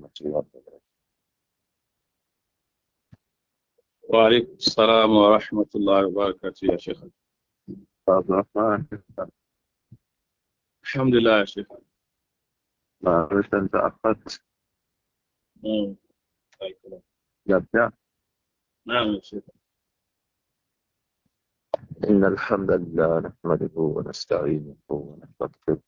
ورحمة الله وبركاته وعليكم السلام ورحمة الله وبركاته يا شيخ الحمد لله يا شيخ عرفت أنت أخذت جبت نعم يا شيخ إن الحمد لله نحمده ونستعينه ونستغفره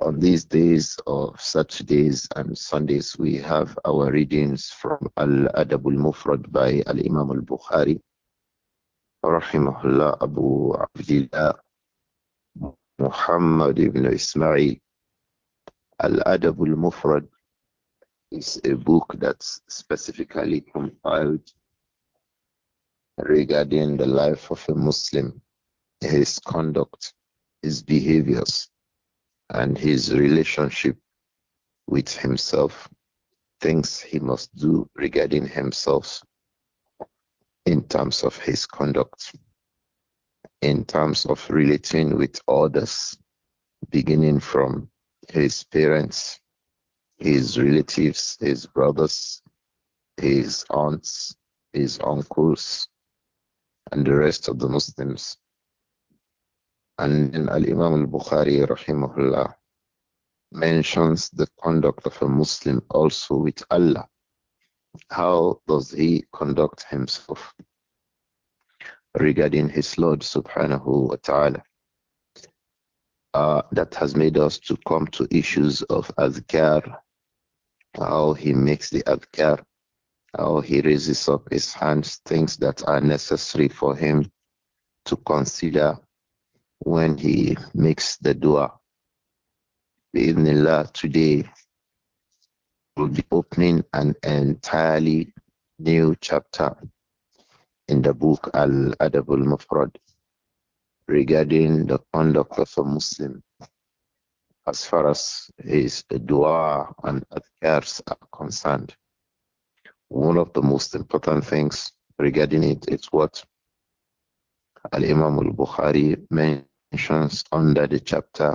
On these days of Saturdays and Sundays, we have our readings from Al Adabul Mufrad by Al Imam Al Bukhari, Rahimahullah Abu Abdullah Muhammad ibn Ismail. Al Adabul Mufrad is a book that's specifically compiled regarding the life of a Muslim, his conduct, his behaviors, and his relationship with himself, things he must do regarding himself in terms of his conduct, in terms of relating with others, beginning from his parents, his relatives, his brothers, his aunts, his uncles, and the rest of the Muslims and then Al Imam al Bukhari, rahimahullah, mentions the conduct of a Muslim also with Allah. How does he conduct himself regarding his Lord subhanahu wa ta'ala? Uh, that has made us to come to issues of adhkar, how he makes the adhkar, how he raises up his hands, things that are necessary for him to consider when he makes the dua. Bismillah, today will be opening an entirely new chapter in the book Al Adabul Mufrad regarding the conduct of a Muslim as far as his dua and adhkars are concerned. One of the most important things regarding it is what Al Imam al Bukhari mentions under the chapter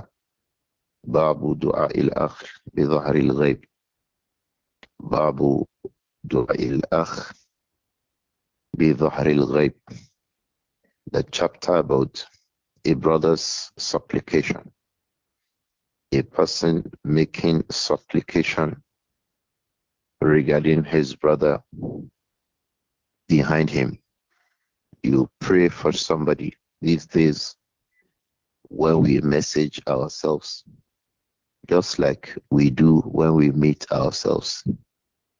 Babu Dua il Akh bi Zahril Ghaib. Babu Dua il Akh bi Zahril Ghaib. The chapter about a brother's supplication. A person making supplication regarding his brother behind him you pray for somebody these days when we message ourselves, just like we do when we meet ourselves.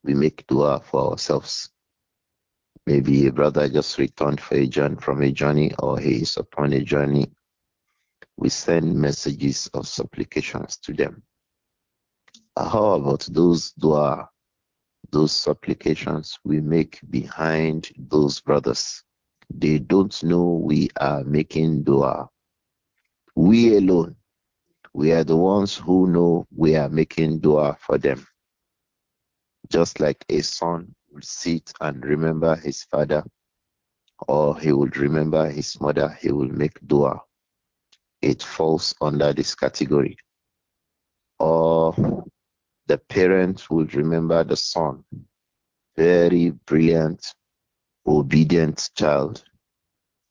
We make dua for ourselves. Maybe a brother just returned a journey, from a journey or he is upon a journey. We send messages of supplications to them. How about those dua, those supplications we make behind those brothers? They don't know we are making dua. We alone, we are the ones who know we are making dua for them. Just like a son would sit and remember his father, or he would remember his mother, he will make dua. It falls under this category. Or the parent would remember the son, very brilliant, obedient child.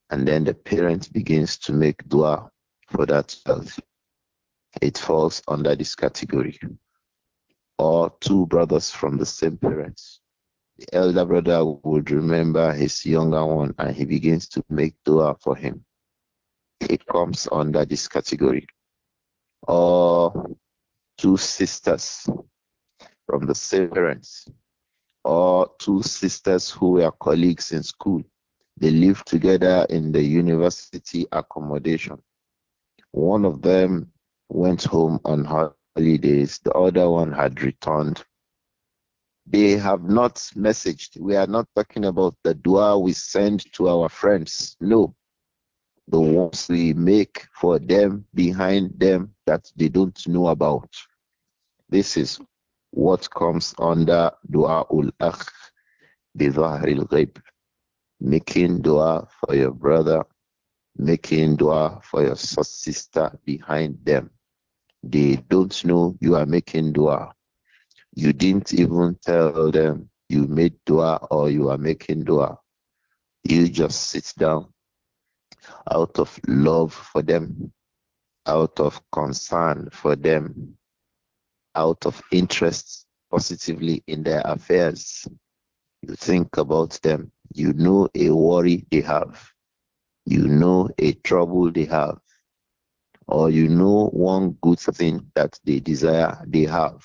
And then the parent begins to make dua for that child. It falls under this category. Or two brothers from the same parents. The elder brother would remember his younger one and he begins to make dua for him. It comes under this category. Or two sisters from the same parents or two sisters who were colleagues in school. They lived together in the university accommodation. One of them went home on holidays, the other one had returned. They have not messaged. We are not talking about the dua we send to our friends. No. The ones we make for them, behind them, that they don't know about. This is what comes under dua ul akh bi zahril ghaib making dua for your brother making dua for your sister behind them they don't know you are making dua you didn't even tell them you made dua or you are making dua you just sit down out of love for them out of concern for them out of interest positively in their affairs. You think about them. You know a worry they have. You know a trouble they have. Or you know one good thing that they desire they have.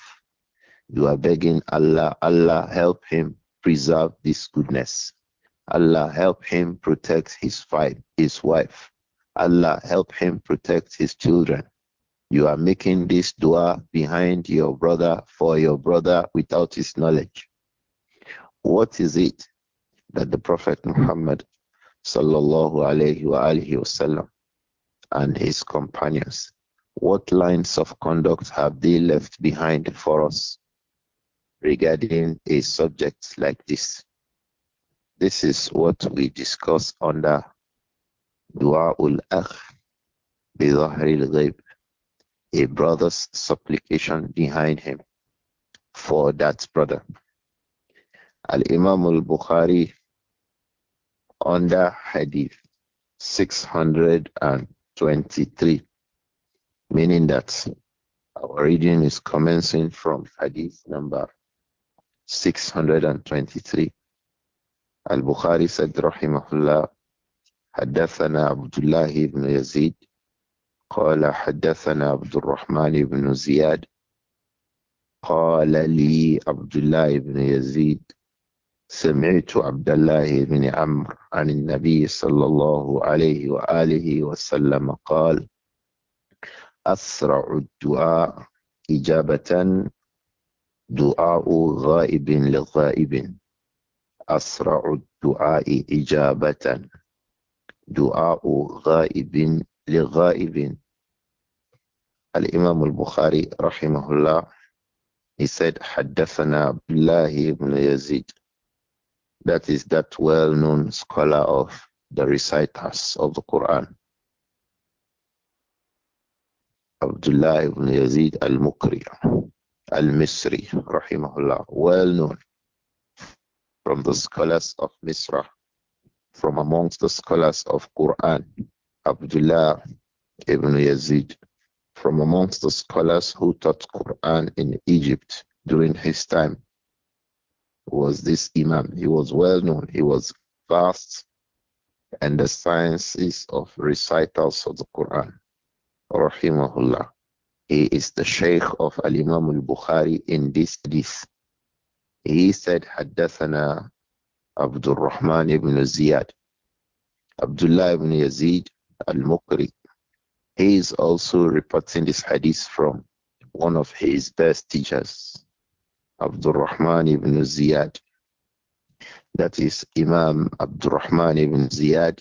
You are begging Allah, Allah help him preserve this goodness. Allah help him protect his wife, his wife. Allah help him protect his children. You are making this dua behind your brother for your brother without his knowledge. What is it that the Prophet Muhammad sallallahu alayhi wa wasallam and his companions, what lines of conduct have they left behind for us regarding a subject like this? This is what we discuss under Dua ul Akh bi Zahri al Ghaib a brother's supplication behind him for that brother. Al Imam al Bukhari under Hadith 623, meaning that our reading is commencing from Hadith number 623. Al Bukhari said, Rahimahullah, حدثنا عبد الله بن يزيد قال حدثنا عبد الرحمن بن زياد قال لي عبد الله بن يزيد سمعت عبد الله بن عمرو عن النبي صلى الله عليه وآله وسلم قال أسرع الدعاء إجابة دعاء غائب لغائب أسرع الدعاء إجابة دعاء غائب لغائب الإمام البخاري رحمه الله he said حدثنا بالله بن ibn Yazid that is that well-known scholar of the reciters of the Quran عبد ibn Yazid al المكري al-Misri الله well known from the scholars of Misra from amongst the scholars of Quran Abdullah ibn Yazid, from amongst the scholars who taught Quran in Egypt during his time, was this Imam. He was well known, he was vast in the sciences of recitals of the Quran. Rahimahullah. He is the Shaykh of Al Imam al Bukhari in this hadith. He said, Haddathana Abdul Rahman ibn Ziyad. Abdullah ibn Yazid al-Mukri. He is also reporting this hadith from one of his best teachers, Abdul Rahman ibn Ziyad. That is Imam Abdul Rahman ibn Ziyad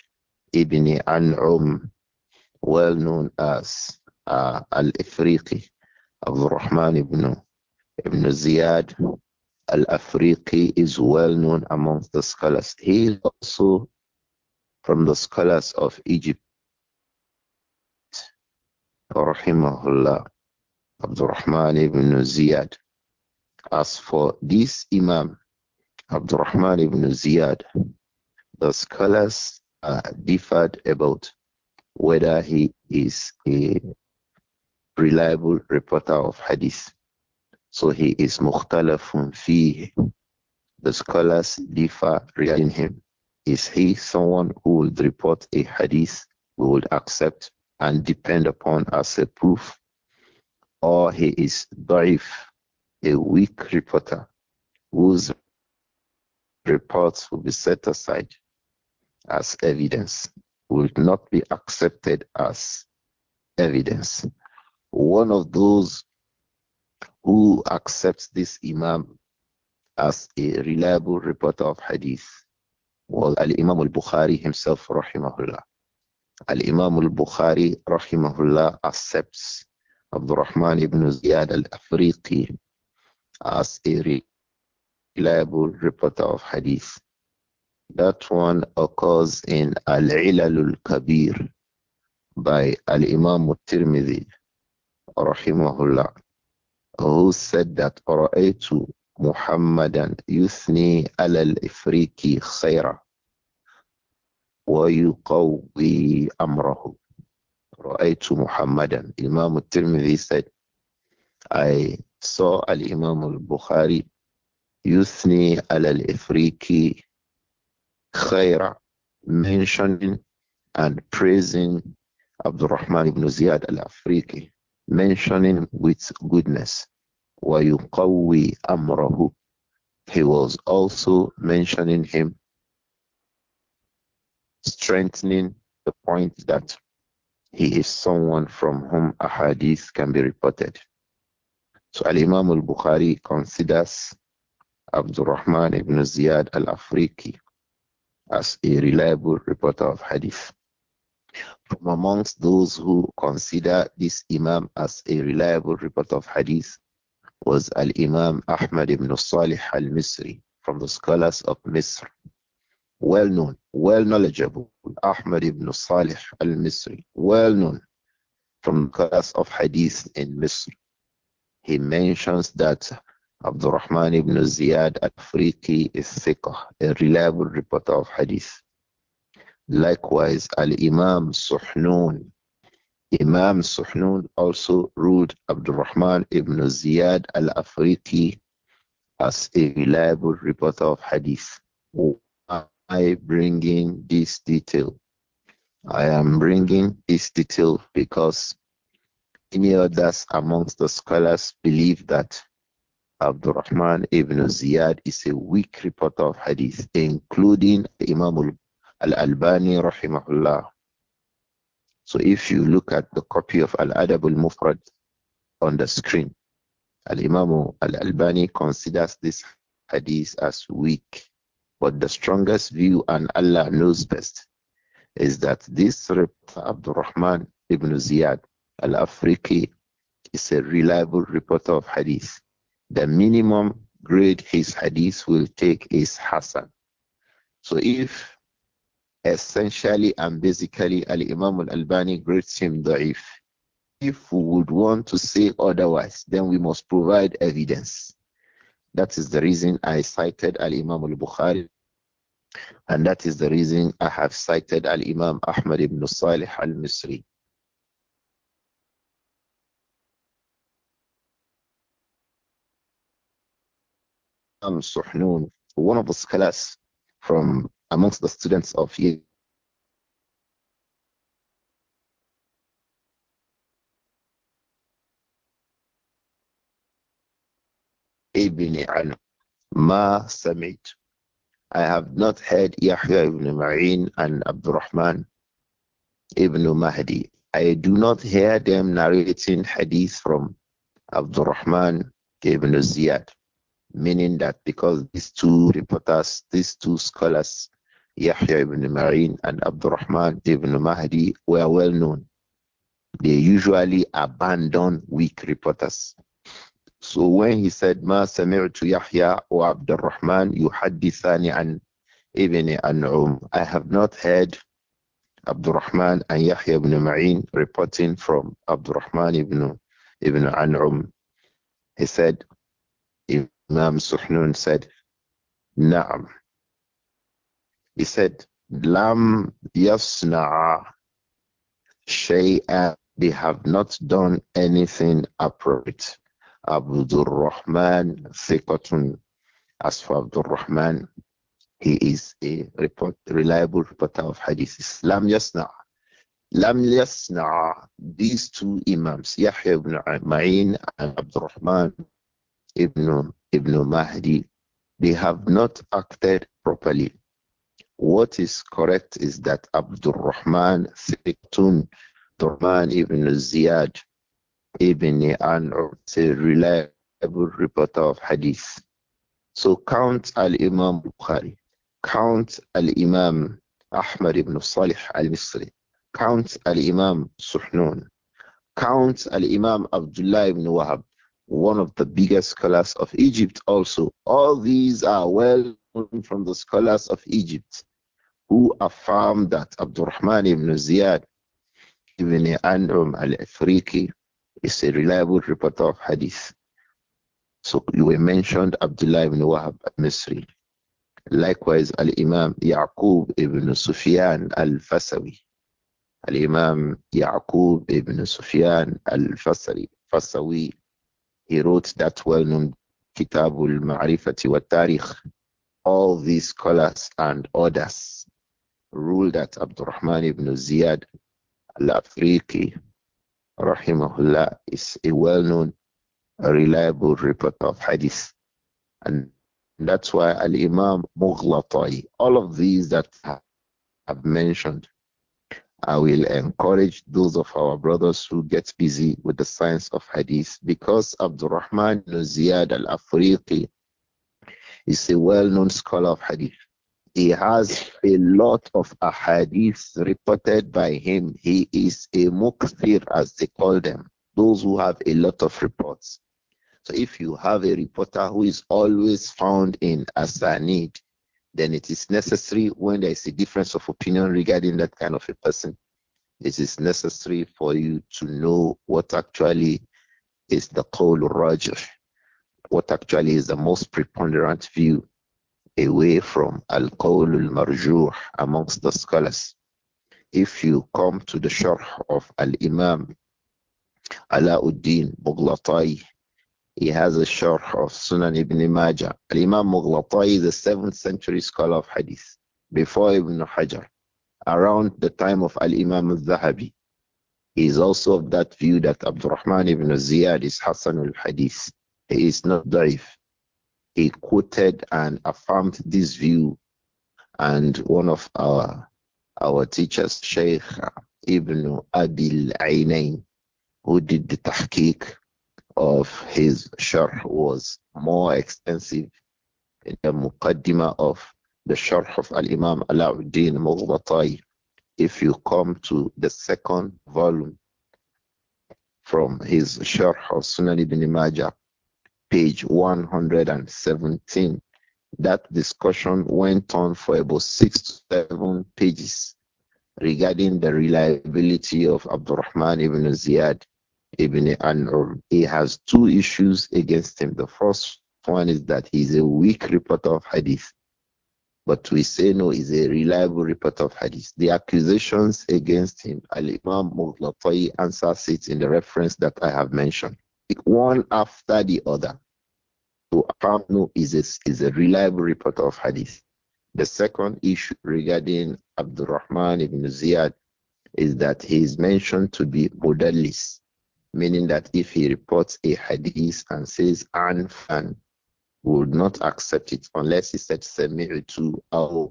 ibn An'um, well known as uh, Al-Ifriqi, Abdul Rahman ibn, ibn Ziyad Al-Afriqi is well known amongst the scholars. He is also from the scholars of Egypt rahimahullah, Abdul Rahman ibn Ziyad. As for this Imam, Abdul Rahman ibn Ziyad, the scholars uh, differed about whether he is a reliable reporter of hadith. So he is mukhtalafun fihi. The scholars differ regarding him. Is he someone who would report a hadith we would accept? and depend upon as a proof, or he is da'if, a weak reporter whose reports will be set aside as evidence, will not be accepted as evidence. One of those who accepts this Imam as a reliable reporter of hadith was Al Imam al Bukhari himself, rahimahullah. Al-Imam al-Bukhari rahimahullah accepts Abdul Rahman ibn Ziyad al-Afriqi as a reliable reporter of hadith. That one occurs in Al-Ilalul Kabir by Al-Imam al-Tirmidhi rahimahullah who said that رأيت Muhammadan يثني al الإفريقي خيرا وَيُقَوِّي أَمْرَهُ رَأَيْتُ مُحَمَّدًا Imam al said, I saw al-Imam Bukhari yusni يثني على الإفريقي خيرا mentioning and praising Abdurrahman ibn Ziyad al-Afriqi mentioning with goodness وَيُقَوِّي أَمْرَهُ He was also mentioning him strengthening the point that he is someone from whom a hadith can be reported. So Al Imam al Bukhari considers Rahman ibn Ziyad al Afriki as a reliable reporter of hadith. From amongst those who consider this Imam as a reliable reporter of hadith was Al Imam Ahmad ibn Salih al Misri from the scholars of Misr well known, well knowledgeable, Ahmad ibn Salih al Misri, well known from the class of hadith in Misr. He mentions that Abdurrahman ibn Ziyad al-Afriqi is thiqah, a reliable reporter of hadith. Likewise, Al-Imam Suhnun. Imam Suhnun also ruled Abdurrahman ibn Ziyad al afriki as a reliable reporter of hadith. I bringing this detail? I am bringing this detail because many others amongst the scholars believe that Abdurrahman ibn Ziyad is a weak reporter of hadith, including Imam al-Albani rahimahullah. So if you look at the copy of Al-Adab al-Mufrad on the screen, Al-Imam al-Albani considers this hadith as weak. But the strongest view, and Allah knows best, is that this Abdul Rahman ibn Ziyad al Afriki is a reliable reporter of hadith. The minimum grade his hadith will take is Hassan. So if essentially and basically Al Imam al Albani grades him da'if, if we would want to say otherwise, then we must provide evidence. That is the reason I cited Al Imam al Bukhari and that is the reason I have cited Al Imam Ahmad ibn Salih al Misri. Suhnun, one of the scholars from amongst the students of Yale. ابن عنه ما سمعت I have not heard Yahya ibn Ma'in and Abdurrahman ibn Mahdi. I do not hear them narrating hadith from Abdurrahman ibn Ziyad, meaning that because these two reporters, these two scholars, Yahya ibn Ma'in and Abdurrahman ibn Mahdi, were well known. They usually abandon weak reporters. So when he said, Ma to Yahya or Abdurrahman you yuhaddithani an ibn an'um. I have not heard Abdurrahman and Yahya ibn Ma'in reporting from Abdurrahman ibn, ibn an'um. He said, Imam Suhnun said, Na'am. He said, Lam yasna'a shay'a. They have not done anything appropriate. Abdul Rahman Thiqatun. As for Abdul Rahman, he is a report, reliable reporter of hadiths. Lam Yasna. Lam Yasna. These two imams, Yahya ibn Ma'in and Abdul Rahman ibn, ibn Mahdi, they have not acted properly. What is correct is that Abdul Rahman Thiqatun, Abdul Rahman ibn Ziyad, Ibn Anur, it's a reliable reporter of hadith. So count Al-Imam Bukhari, count Al-Imam Ahmad ibn Salih al-Misri, count Al-Imam Suhnun, count Al-Imam Abdullah ibn Wahab, one of the biggest scholars of Egypt also. All these are well known from the scholars of Egypt who affirm that Abdurrahman ibn Ziyad ibn Anum al Afriki is a reliable reporter of hadith. So you were mentioned Abdullah ibn Wahab al-Misri. Likewise, Al-Imam Yaqub ibn Sufyan al-Fasawi. Al-Imam Yaqub ibn Sufyan al-Fasawi. He wrote that well-known Kitabul Ma'rifati wa Tariq. All these scholars and others ruled that Abdurrahman ibn Ziyad al-Afriqi rahimahullah, is a well-known, reliable report of hadith. And that's why Al-Imam Mughlatai, all of these that I've mentioned, I will encourage those of our brothers who get busy with the science of hadith because Abdurrahman Ziyad al-Afriqi is a well-known scholar of hadith. He has a lot of ahadith reported by him. He is a mukthir, as they call them, those who have a lot of reports. So if you have a reporter who is always found in asanid, then it is necessary when there is a difference of opinion regarding that kind of a person, it is necessary for you to know what actually is the qawl rajih, what actually is the most preponderant view away from al qawl al marjuh amongst the scholars. If you come to the sharh of al Imam Alauddin Mughlatai, he has a sharh of Sunan ibn Majah. Al Imam Mughlatai is a 7th century scholar of hadith, before Ibn Hajar, around the time of Al Imam al Zahabi. He is also of that view that Abdurrahman ibn Ziyad is Hasan al Hadith. He is not Daif he quoted and affirmed this view. And one of our our teachers, Sheikh Ibn Abil Ainain, who did the tahqiq of his sharh, was more extensive in the muqaddimah of the sharh of Al Imam Alauddin Mughbatai. If you come to the second volume from his sharh of Sunan ibn Majah, page 117. That discussion went on for about six to seven pages regarding the reliability of Abdurrahman ibn Ziyad ibn An'um. He has two issues against him. The first one is that he's a weak reporter of hadith, but we say no, he's a reliable reporter of hadith. The accusations against him, Al Imam Mughlatai answers it in the reference that I have mentioned one after the other. So Akamnu is a, is a reliable reporter of hadith. The second issue regarding Abdurrahman ibn Ziyad is that he is mentioned to be mudallis, meaning that if he reports a hadith and says an fan, would not accept it unless he said to aw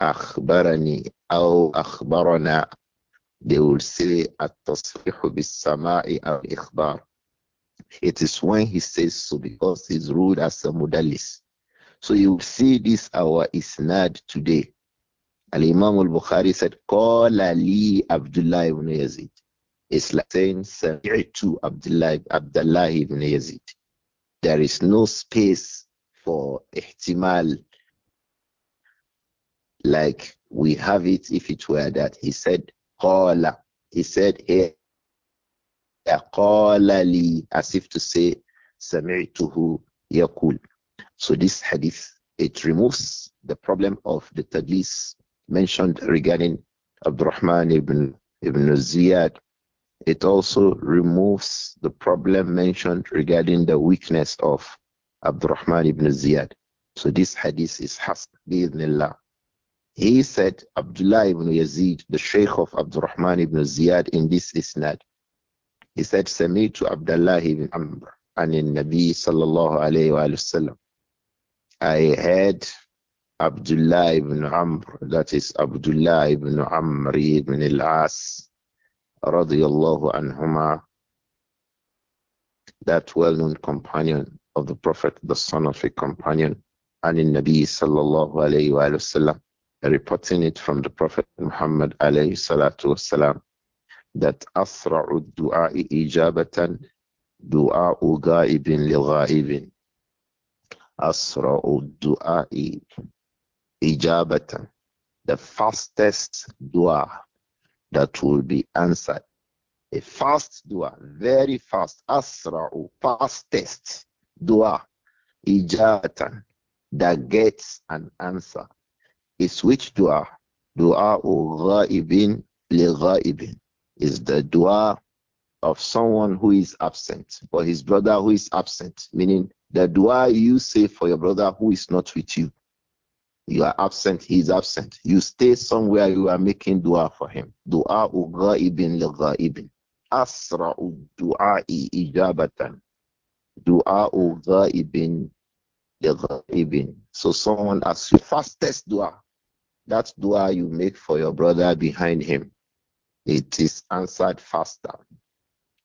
akbarani aw akhbarana they will say at tasfihu bis sama'i al ikhbar. It is when he says so because he's ruled as a mudallis. So you will see this our isnad today. Al Imam al Bukhari said, Qala li Abdullah ibn Yazid. It's like saying, Abdullah, Abdullah ibn Yazid. There is no space for ihtimal like we have it if it were that he said Qala. He said here, Qala li, as if to say, Sami'tuhu yaqul. So this hadith, it removes the problem of the tadlis mentioned regarding Abdurrahman ibn, ibn Ziyad. It also removes the problem mentioned regarding the weakness of Abdurrahman ibn Ziyad. So this hadith is Hasb bi'idhnillah. He said, Abdullah ibn Yazid, the Sheikh of Abdurrahman ibn Ziyad in this isnad, he said, to Abdullah ibn Amr and in Nabi sallallahu alayhi wa sallam. I heard Abdullah ibn Amr, that is Abdullah ibn Amr ibn al-As, radiyallahu anhuma, that well-known companion of the Prophet, the son of a companion, and in Nabi sallallahu alayhi wa sallam reporting it from the Prophet Muhammad alayhi salatu wasalam that أسرع الدعاء إجابة دعاء غائب لغائب أسرع الدعاء إجابة the fastest dua that will be answered a fast dua very fast أسرع fastest dua إجابة that gets an answer is which dua? Dua ghaibin li ghaibin is the dua of someone who is absent for his brother who is absent, meaning the dua you say for your brother who is not with you. You are absent, he is absent. You stay somewhere, you are making dua for him. Dua ghaibin li ghaibin. Asra'u du'a'i ijabatan. Dua ghaibin li ghaibin. So someone as you, fastest dua that dua you make for your brother behind him, it is answered faster.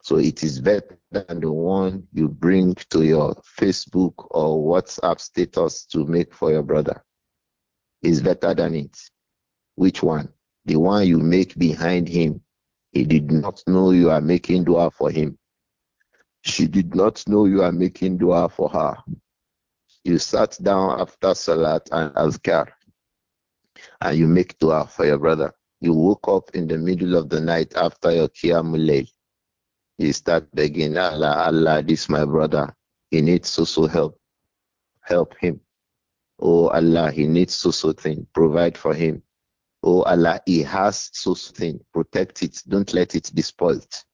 So it is better than the one you bring to your Facebook or WhatsApp status to make for your brother. It's better than it. Which one? The one you make behind him. He did not know you are making dua for him. She did not know you are making dua for her. You sat down after Salat and Azkar and you make dua for your brother. You woke up in the middle of the night after your Qiyamul You start begging, Allah, Allah, this my brother. He needs so so help. Help him. Oh Allah, he needs so so thing. Provide for him. Oh Allah, he has so so thing. Protect it. Don't let it be spoilt.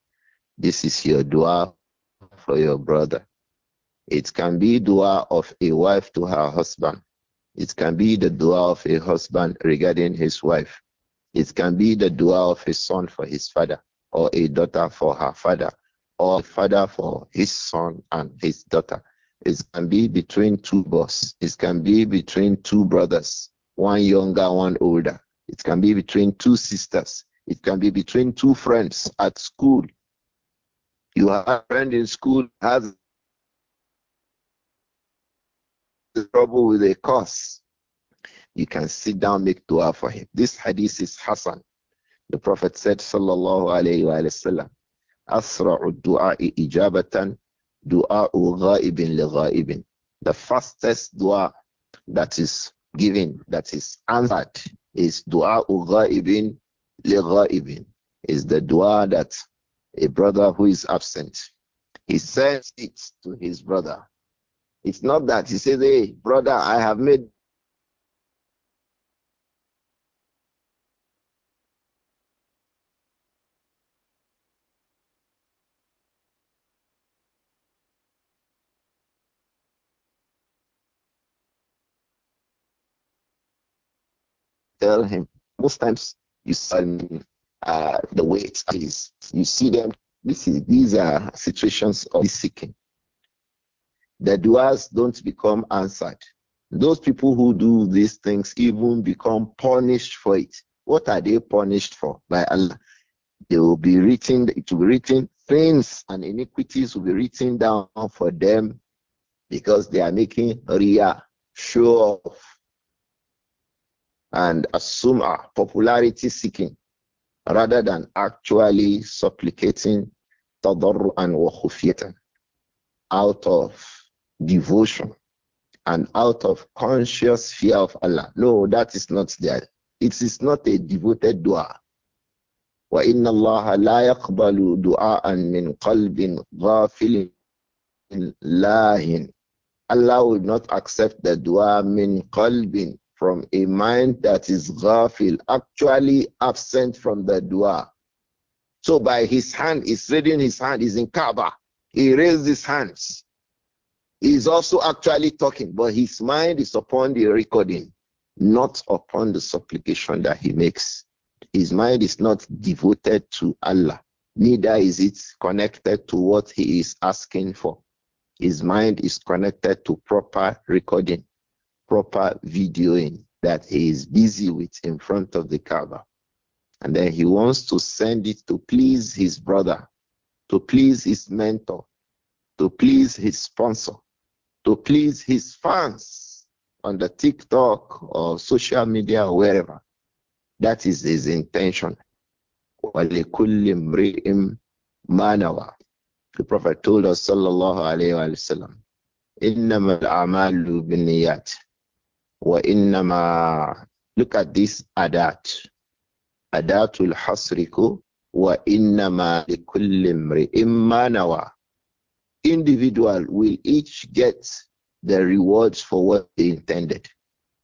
This is your dua for your brother. It can be dua of a wife to her husband. It can be the dua of a husband regarding his wife. It can be the dua of a son for his father, or a daughter for her father, or a father for his son and his daughter. It can be between two boss. It can be between two brothers, one younger, one older. It can be between two sisters. It can be between two friends at school. You have a friend in school has trouble with a curse, you can sit down, make dua for him. This hadith is Hassan. The Prophet said, Sallallahu Alaihi Wasallam, Asra'u du'a'i ijabatan du'a'u ghaibin li ghaibin. The fastest dua that is given, that is answered, is du'a'u ghaibin li ghaibin. Is the dua that a brother who is absent, he sends it to his brother. It's not that he says, Hey, brother, I have made tell him. Most times you see uh, the way it is. You see them. This is these are situations of seeking. The duas don't become answered. Those people who do these things even become punished for it. What are they punished for by Allah? They will be written, it will be written, sins and iniquities will be written down for them because they are making riyah, show off, and assume a popularity seeking rather than actually supplicating tadarru'an and khufyatan out of devotion and out of conscious fear of Allah. No, that is not there. It is not a devoted dua. وَإِنَّ اللَّهَ لَا يَقْبَلُ دُعَاءً مِّن قَلْبٍ غَافِلٍ لَاهٍ Allah will not accept the dua min qalbin from a mind that is ghafil, actually absent from the dua. So by his hand, he's raising his hand, he's in Kaaba. He raised his hands. He is also actually talking, but his mind is upon the recording, not upon the supplication that he makes. His mind is not devoted to Allah, neither is it connected to what he is asking for. His mind is connected to proper recording, proper videoing that he is busy with in front of the Kaaba. And then he wants to send it to please his brother, to please his mentor, to please his sponsor, to please his fans on the TikTok or social media or wherever. That is his intention. manawa. The Prophet told us, sallallahu alayhi wa sallam, إِنَّمَا الْأَعْمَالُ wa وَإِنَّمَا Look at this adat. Adatul hasriku wa innama likulli imri'in manawa individual will each get the rewards for what they intended.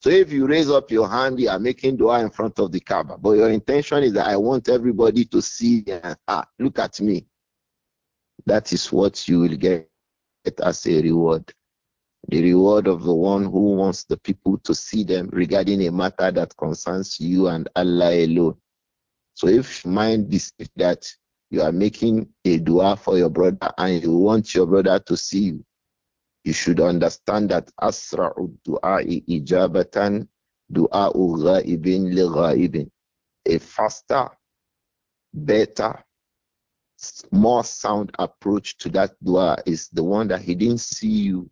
So if you raise up your hand, you are making dua in front of the Kaaba, but your intention is that I want everybody to see and ah, look at me. That is what you will get as a reward. The reward of the one who wants the people to see them regarding a matter that concerns you and Allah alone. So if mind deceives that you are making a dua for your brother and you want your brother to see you. You should understand that asra'u dua ijabatan du'a'u ghaibin li ghaibin. A faster, better, more sound approach to that dua is the one that he didn't see you.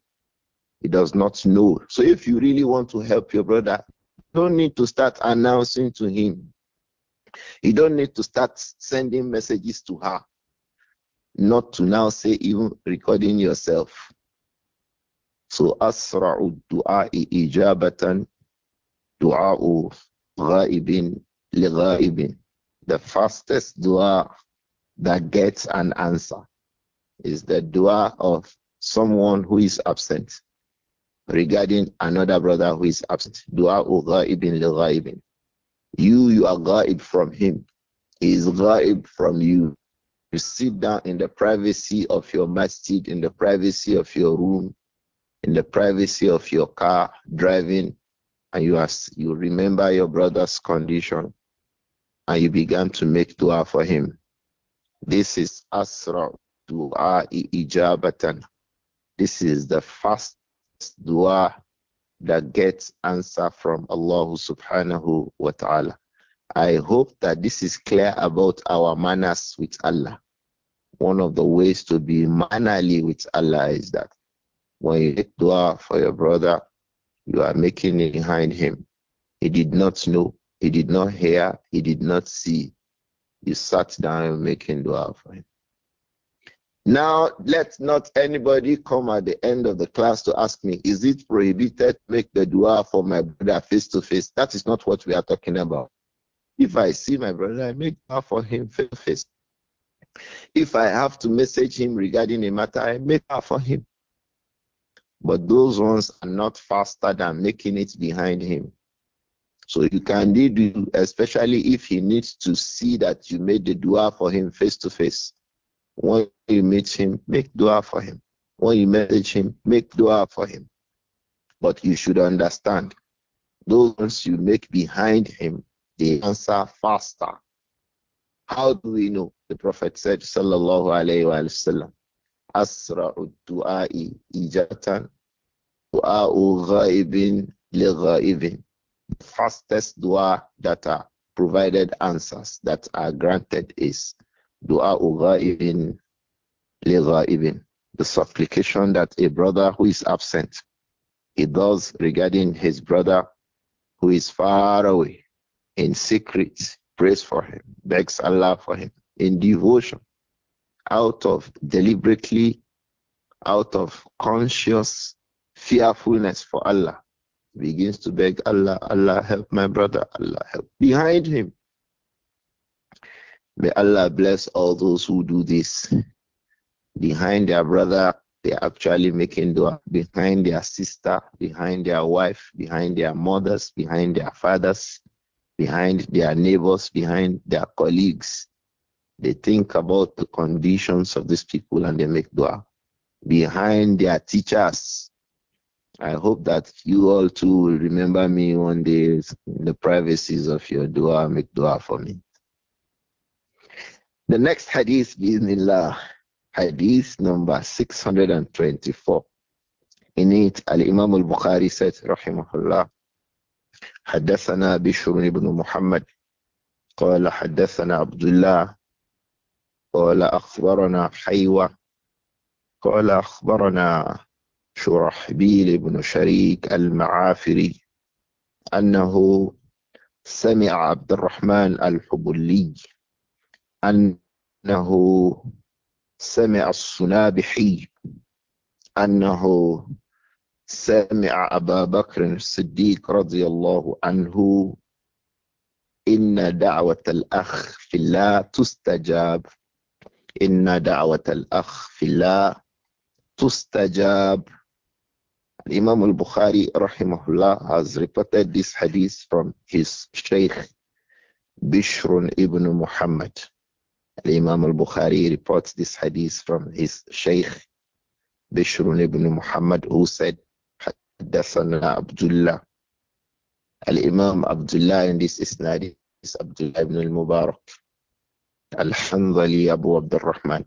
He does not know. So if you really want to help your brother, don't need to start announcing to him you don't need to start sending messages to her, not to now say even recording yourself. So asra'u du'a'i ijabatan du'a'u ghaibin li ghaibin. The fastest dua that gets an answer is the dua of someone who is absent regarding another brother who is absent. Dua ibn li ghaibin. You, you are guided from him. He is guided from you. You sit down in the privacy of your masjid, in the privacy of your room, in the privacy of your car, driving, and you, ask you remember your brother's condition, and you began to make dua for him. This is asra dua ijabatan. This is the first dua that gets answer from Allah subhanahu wa ta'ala. I hope that this is clear about our manners with Allah. One of the ways to be mannerly with Allah is that when you make dua for your brother, you are making it behind him. He did not know, he did not hear, he did not see. You sat down making dua for him. Now, let not anybody come at the end of the class to ask me, is it prohibited to make the dua for my brother face to face? That is not what we are talking about. If I see my brother, I make dua for him face to face. If I have to message him regarding a matter, I make dua for him. But those ones are not faster than making it behind him. So you can do, especially if he needs to see that you made the dua for him face to face. When you meet him, make dua for him. When you message him, make dua for him. But you should understand those ones you make behind him, they answer faster. How do we know? The Prophet said, Sallallahu Alaihi Wasallam, asra du'a'i ijatan, du'a'u ghaibin li ghaibin. fastest dua that are provided answers that are granted is Dua ghaibin li even The supplication that a brother who is absent, he does regarding his brother who is far away, in secret, prays for him, begs Allah for him, in devotion, out of deliberately, out of conscious fearfulness for Allah, begins to beg Allah, Allah help my brother, Allah help. Behind him, May Allah bless all those who do this. Behind their brother, they are actually making dua. Behind their sister, behind their wife, behind their mothers, behind their fathers, behind their neighbors, behind their colleagues. They think about the conditions of these people and they make dua. Behind their teachers. I hope that you all too will remember me one day in the privacies of your dua, make dua for me. The next hadith, bismillah, hadith number 624. In it, Al-Imam al-Bukhari said, rahimahullah, حدثنا بشر بن محمد قال حدثنا عبد الله قال أخبرنا حيوة قال أخبرنا شرحبيل بن شريك المعافري أنه سمع عبد الرحمن الحبلي أنه سمع الصنابحي أنه سمع أبا بكر الصديق رضي الله عنه إن دعوة الأخ في الله تستجاب إن دعوة الأخ في الله تستجاب Imam al-Bukhari الله has reported this hadith from his Shaykh Bishrun ibn Muhammad. The Imam al Bukhari reports this hadith from his Shaykh Bishr ibn Muhammad, who said, Haddathana Abdullah. Al Imam Abdullah in this isnad is Abdullah ibn al Mubarak. Al Hanzali Abu Abdurrahman.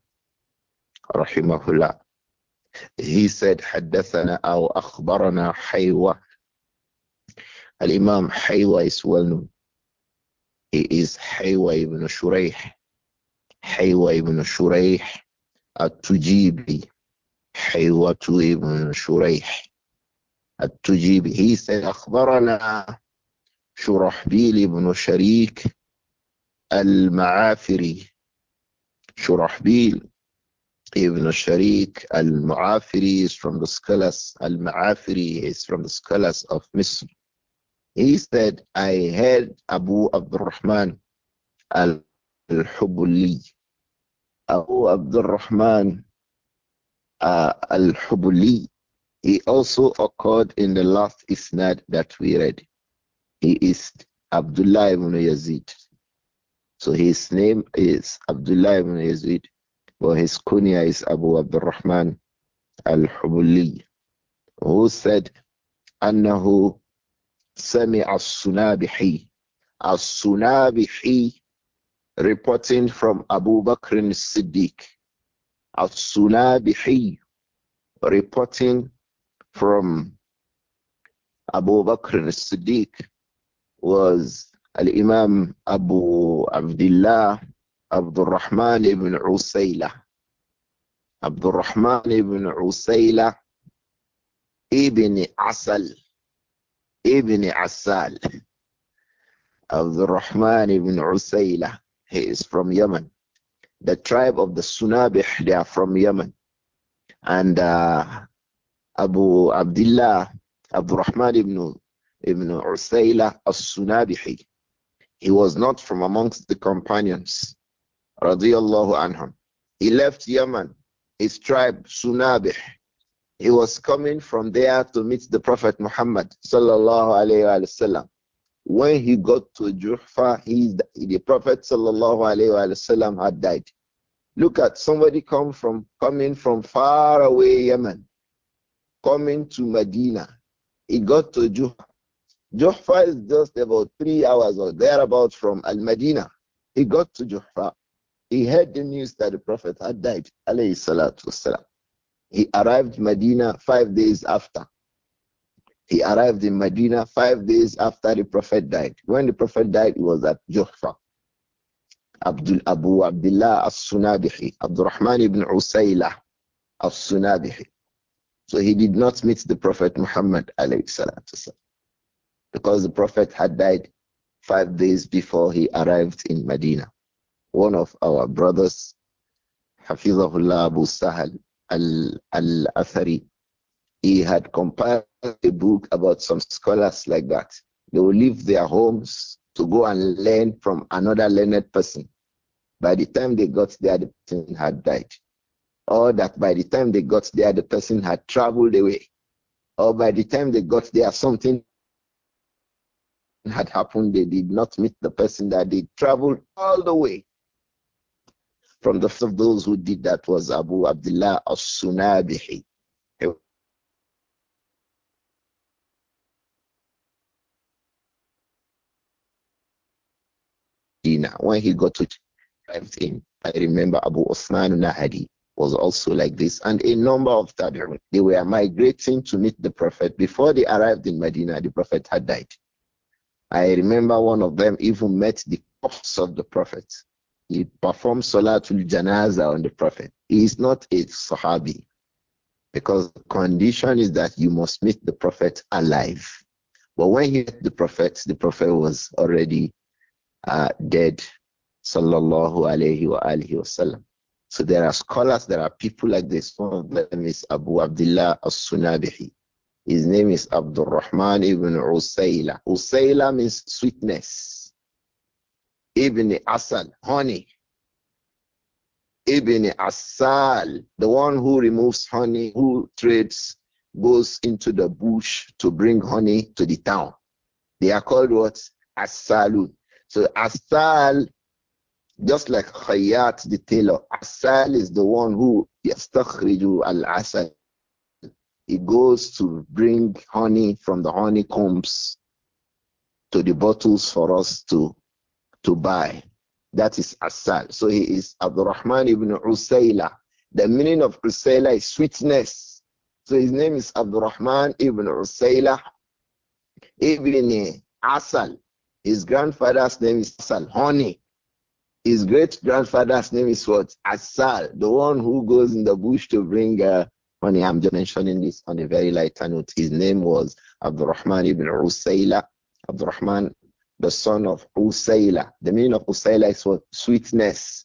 Rahimahullah. He said, Haddathana aw akhbarana Haywa. Al Imam Haywa is well known. He is Haywa ibn Shuraih حيوة ابن شريح التجيبي حيوة ابن شريح التجيبي هي سيخبرنا شرحبيل ابن شريك المعافري شرحبيل ابن شريك المعافري is from the scholars, المعافري is from the scholars of Misr. He said, I heard Abu Abdurrahman al الحبلي Abu Abdul Rahman uh, Al-Hubuli he also occurred in the last isnad that we read he is Abdullah ibn Yazid so his name is Abdullah ibn Yazid but his kunya is Abu Abdul Rahman Al-Hubuli who said أنه سمع السنابحي السنابحي reporting from Abu Bakr Siddiq. As-Sunabihi reporting from Abu Bakr Siddiq was Al-Imam Abu Abdullah Abdul Rahman ibn Usayla. Abdul Rahman ibn Usayla ibn Asal ibn Asal Abdul Rahman ibn Usayla he is from Yemen. The tribe of the Sunabih, they are from Yemen. And uh, Abu Abdullah, Abu Rahman ibn, ibn Usayla al-Sunabihi, he was not from amongst the companions, anhum. He left Yemen, his tribe, Sunabih. He was coming from there to meet the Prophet Muhammad, sallallahu alayhi wa sallam. When he got to Juhfa, he, the Prophet wasallam had died. Look at somebody come from coming from far away Yemen, coming to Medina. He got to Juhfa. Juhfa is just about three hours or thereabout from Al Medina. He got to Juhfa. He heard the news that the Prophet had died. He arrived Medina five days after. He arrived in Medina five days after the Prophet died. When the Prophet died, he was at Juhfa. Abdul Abu Abdullah al-Sunabihi, Abdurrahman ibn Usaylah al-Sunabihi. So he did not meet the Prophet Muhammad because the Prophet had died five days before he arrived in Medina. One of our brothers, Hafizahullah Abu Sahal al-Athari, he had compiled a book about some scholars like that. They will leave their homes to go and learn from another learned person. By the time they got there, the person had died. Or that by the time they got there, the person had traveled away. Or by the time they got there, something had happened. They did not meet the person that they traveled all the way. From the first of those who did that was Abu Abdullah al Sunabihi. Medina, when he got to thing, I remember Abu Osman Nahadi was also like this, and a number of Tabi'un. They were migrating to meet the Prophet. Before they arrived in Medina, the Prophet had died. I remember one of them even met the corpse of the Prophet. He performed Salatul Janaza on the Prophet. He is not a Sahabi because the condition is that you must meet the Prophet alive. But when he met the Prophet, the Prophet was already dead. Sallallahu alayhi wa wasallam. So there are scholars, there are people like this. One of them is Abu Abdullah al-Sunabihi. His name is Abdul Rahman ibn Usayla. Usayla means sweetness. Ibn Asal, honey. Ibn Asal, the one who removes honey, who trades, goes into the bush to bring honey to the town. They are called what? Asalun. So Asal, just like Khayat the tailor, Asal is the one who yastakhriju al-asal. He goes to bring honey from the honeycombs to the bottles for us to to buy. That is Asal. So he is Abdurrahman ibn Usayla. The meaning of Usayla is sweetness. So his name is Abdurrahman ibn Usayla ibn Asal. His grandfather's name is Asal, honey. His great grandfather's name is what? Asal, the one who goes in the bush to bring uh, honey. I'm just mentioning this on a very light note. His name was Abdurrahman ibn Usayla. Abdurrahman, the son of Usayla. The meaning of Usayla is what? Sweetness.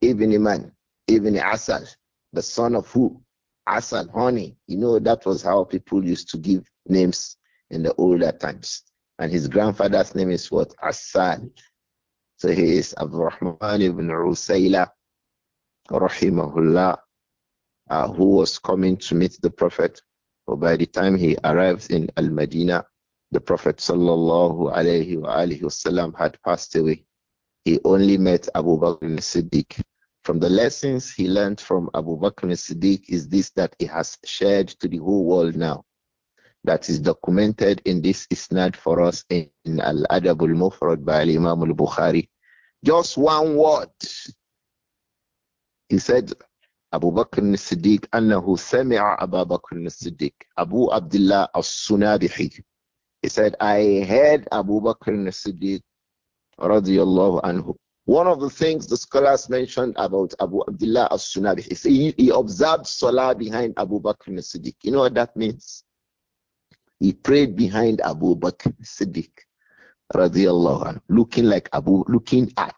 a man, even Asal, the son of who? Asal, honey. You know, that was how people used to give names in the older times. And his grandfather's name is what? Asad. So he is Abdurrahman ibn Usayla, rahimahullah, uh, who was coming to meet the Prophet. But by the time he arrived in Al Madina, the Prophet sallallahu alayhi wa alayhi wasallam had passed away. He only met Abu Bakr al-Siddiq. From the lessons he learned from Abu Bakr al-Siddiq is this that he has shared to the whole world now that is documented in this isnad for us in, in Al Adab al Mufrad by al Imam al Bukhari. Just one word. He said, Abu Bakr al Siddiq, Annahu Sami'a Abu Bakr al Siddiq, Abu Abdullah al Sunabihi. He said, I heard Abu Bakr al Siddiq, radiallahu anhu. One of the things the scholars mentioned about Abu Abdullah al Sunabihi, he, he observed Salah behind Abu Bakr al Siddiq. You know what that means? He prayed behind Abu Bakr Siddiq, radiallahu anh, looking like Abu, looking at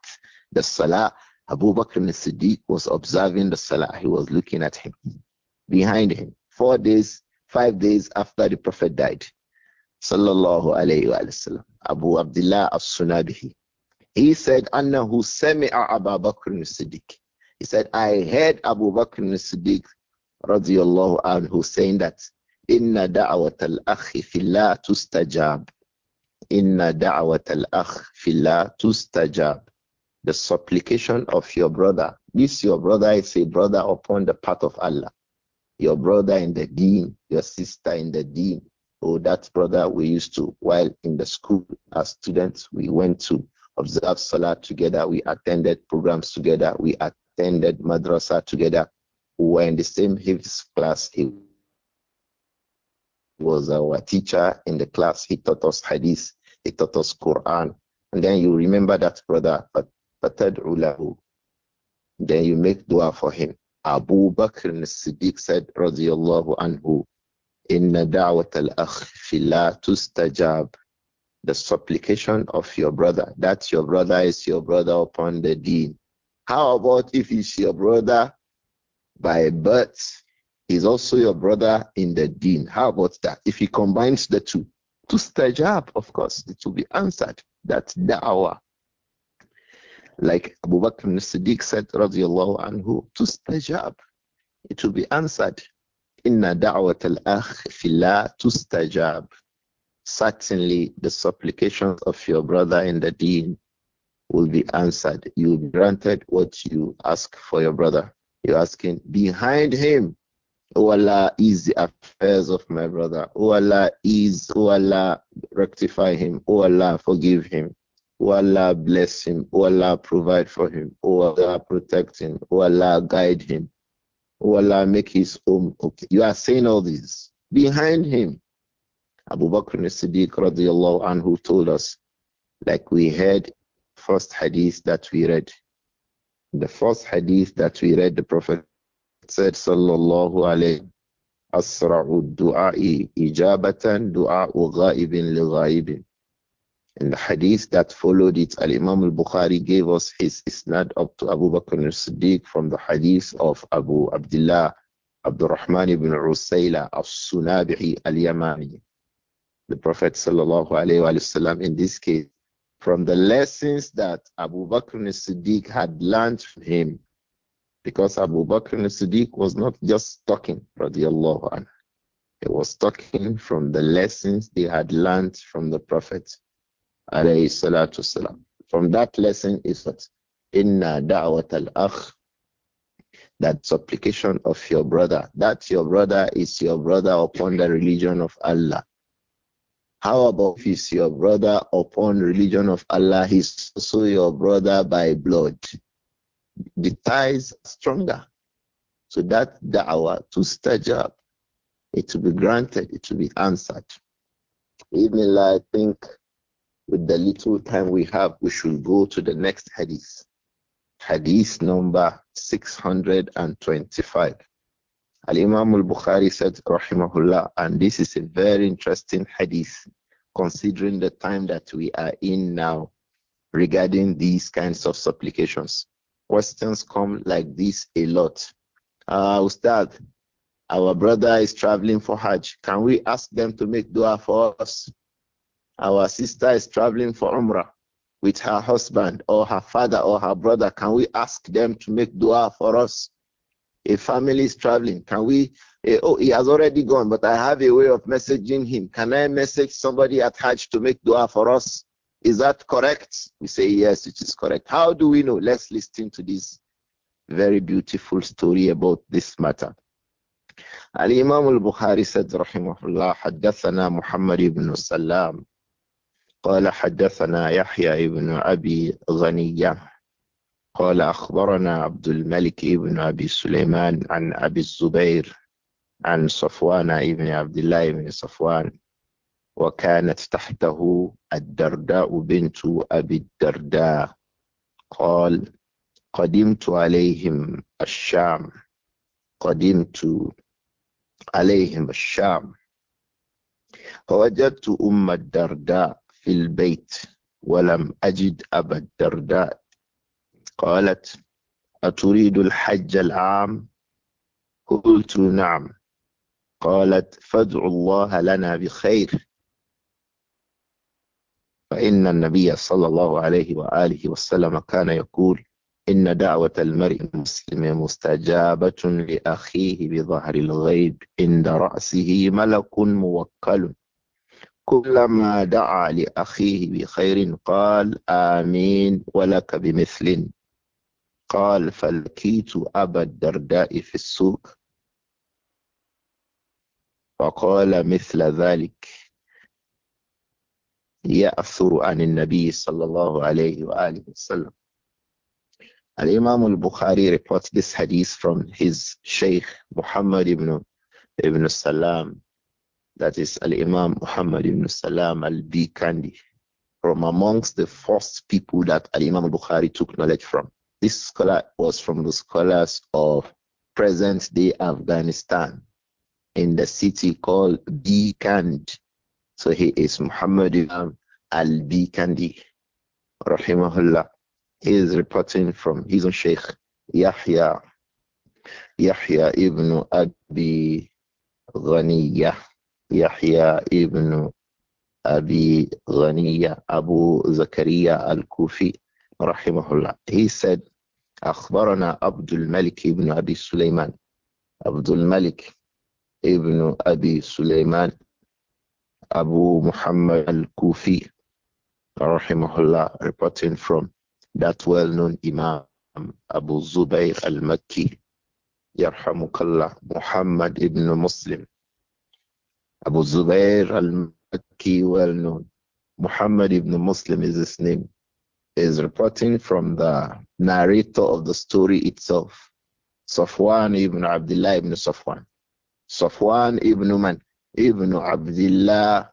the Salah. Abu Bakr Siddiq was observing the Salah. He was looking at him, behind him. Four days, five days after the Prophet died, sallallahu alayhi wasallam. Abu Abdullah as-Sunabihi. He said, "Annahu sami'a Abu Bakr as-Siddiq." He said, "I heard Abu Bakr as-Siddiq, radiyallahu anhu, saying that Inna da'wat al-akhi tustajab. Inna da'wat al-akh tustajab. The supplication of your brother. This your brother is a brother upon the path of Allah. Your brother in the deen, your sister in the deen. Oh, that brother we used to, while in the school as students, we went to observe Salah together. We attended programs together. We attended madrasa together. We were in the same class was our teacher in the class. He taught us hadith, he taught us Quran. And then you remember that brother, Fatad'u lahu. Then you make dua for him. Abu Bakr as-Siddiq said, radiyallahu anhu, Inna da'wat al-akhi la tustajab. The supplication of your brother, that your brother is your brother upon the deen. How about if he's your brother by birth He's also your brother in the deen. How about that? If he combines the two, to stajab, of course, it will be answered. That's da'wah. Like Abu Bakr al-Siddiq said, radiallahu anhu, to stajab, it will be answered. Inna da'wat al-akh to stajab. Certainly, the supplications of your brother in the deen will be answered. You will be granted what you ask for your brother. You're asking behind him. Oh Allah, ease the affairs of my brother. Oh Allah, ease. Oh Allah, rectify him. Oh Allah, forgive him. O Allah bless him. O Allah provide for him. O Allah protect him. O Allah guide him. O Allah make his home okay. You are saying all this behind him. Abu Bakr as-Siddiq radiallahu anhu told us, like we heard first hadith that we read. The first hadith that we read, the Prophet said sallallahu alayhi asra'u du'a'i ijabatan du'a'u ghaibin li ghaibin in the hadith that followed it, Al Imam al Bukhari gave us his isnad up to Abu Bakr al Siddiq from the hadith of Abu Abdullah Abdurrahman ibn Usayla of Sunabi al Yamani. The Prophet sallallahu alayhi wasallam in this case, from the lessons that Abu Bakr al Siddiq had learned from him, because Abu Bakr al Siddiq was not just talking, radiallahu anhu. He was talking from the lessons they had learned from the Prophet, alayhi salatu salam. From that lesson is what? Inna da'wat al-akh that supplication of your brother. That your brother is your brother upon the religion of Allah. How about if he's your brother upon religion of Allah, he's also your brother by blood the ties stronger. So that 2 to job it will be granted, it will be answered. Even I think with the little time we have, we should go to the next hadith. Hadith number 625. Al-Imam al-Bukhari said, Rahimahullah, and this is a very interesting hadith considering the time that we are in now regarding these kinds of supplications. Questions come like this a lot. Uh, Ustad, our brother is traveling for Hajj. Can we ask them to make dua for us? Our sister is traveling for Umrah with her husband or her father or her brother. Can we ask them to make dua for us? A family is traveling. Can we? Uh, oh, he has already gone, but I have a way of messaging him. Can I message somebody at Hajj to make dua for us? Is that correct? We say, Yes, it is correct. How do we know? Let's listen to this very beautiful story about this matter. الإمام البخاري سيد رحمه الله حدثنا محمد بن سلام قال حدثنا يحيى بن أبي غنية قال أخبرنا عبد الملك بن أبي سليمان عن أبي الزبير عن صفوان بن عبد الله بن صفوان وكانت تحته الدرداء بنت أبي الدرداء قال قدمت عليهم الشام قدمت عليهم الشام فوجدت أم الدرداء في البيت ولم أجد أبا الدرداء قالت أتريد الحج العام قلت نعم قالت فادعوا الله لنا بخير فإن النبي صلى الله عليه وآله وسلم كان يقول إن دعوة المرء المسلم مستجابة لأخيه بظهر الغيب عند رأسه ملك موكل كلما دعا لأخيه بخير قال آمين ولك بمثل قال فلكيت أبا الدرداء في السوق فقال مثل ذلك يأثر عن النبي صلى الله عليه وآله وسلم Al-Imam bukhari reports this hadith from his Shaykh Muhammad ibn, ibn Salam, that is Al-Imam Muhammad ibn Salam al-Bikandi, from amongst the first people that Al-Imam al-Bukhari took knowledge from. This scholar was from the scholars of present-day Afghanistan in the city called Bikand. So he is Muhammad Imam Al-Bikandi, rahimahullah. He is reporting from his own Sheikh Yahya, Yahya ibn Abi Ghaniya Yahya ibn Abi Ghaniya Abu Zakaria Al-Kufi, rahimahullah. He said, أخبرنا عبد الملك ابن أبي سليمان عبد الملك ابن أبي سليمان Abu Muhammad al-Kufi, reporting from that well-known Imam Abu Zubayr al-Makki, yarhamukallah, Muhammad ibn Muslim. Abu Zubayr al-Makki, well-known. Muhammad ibn Muslim is his name. is reporting from the narrator of the story itself, Safwan ibn Abdullah ibn Safwan. Safwan ibn Man ibn Abdullah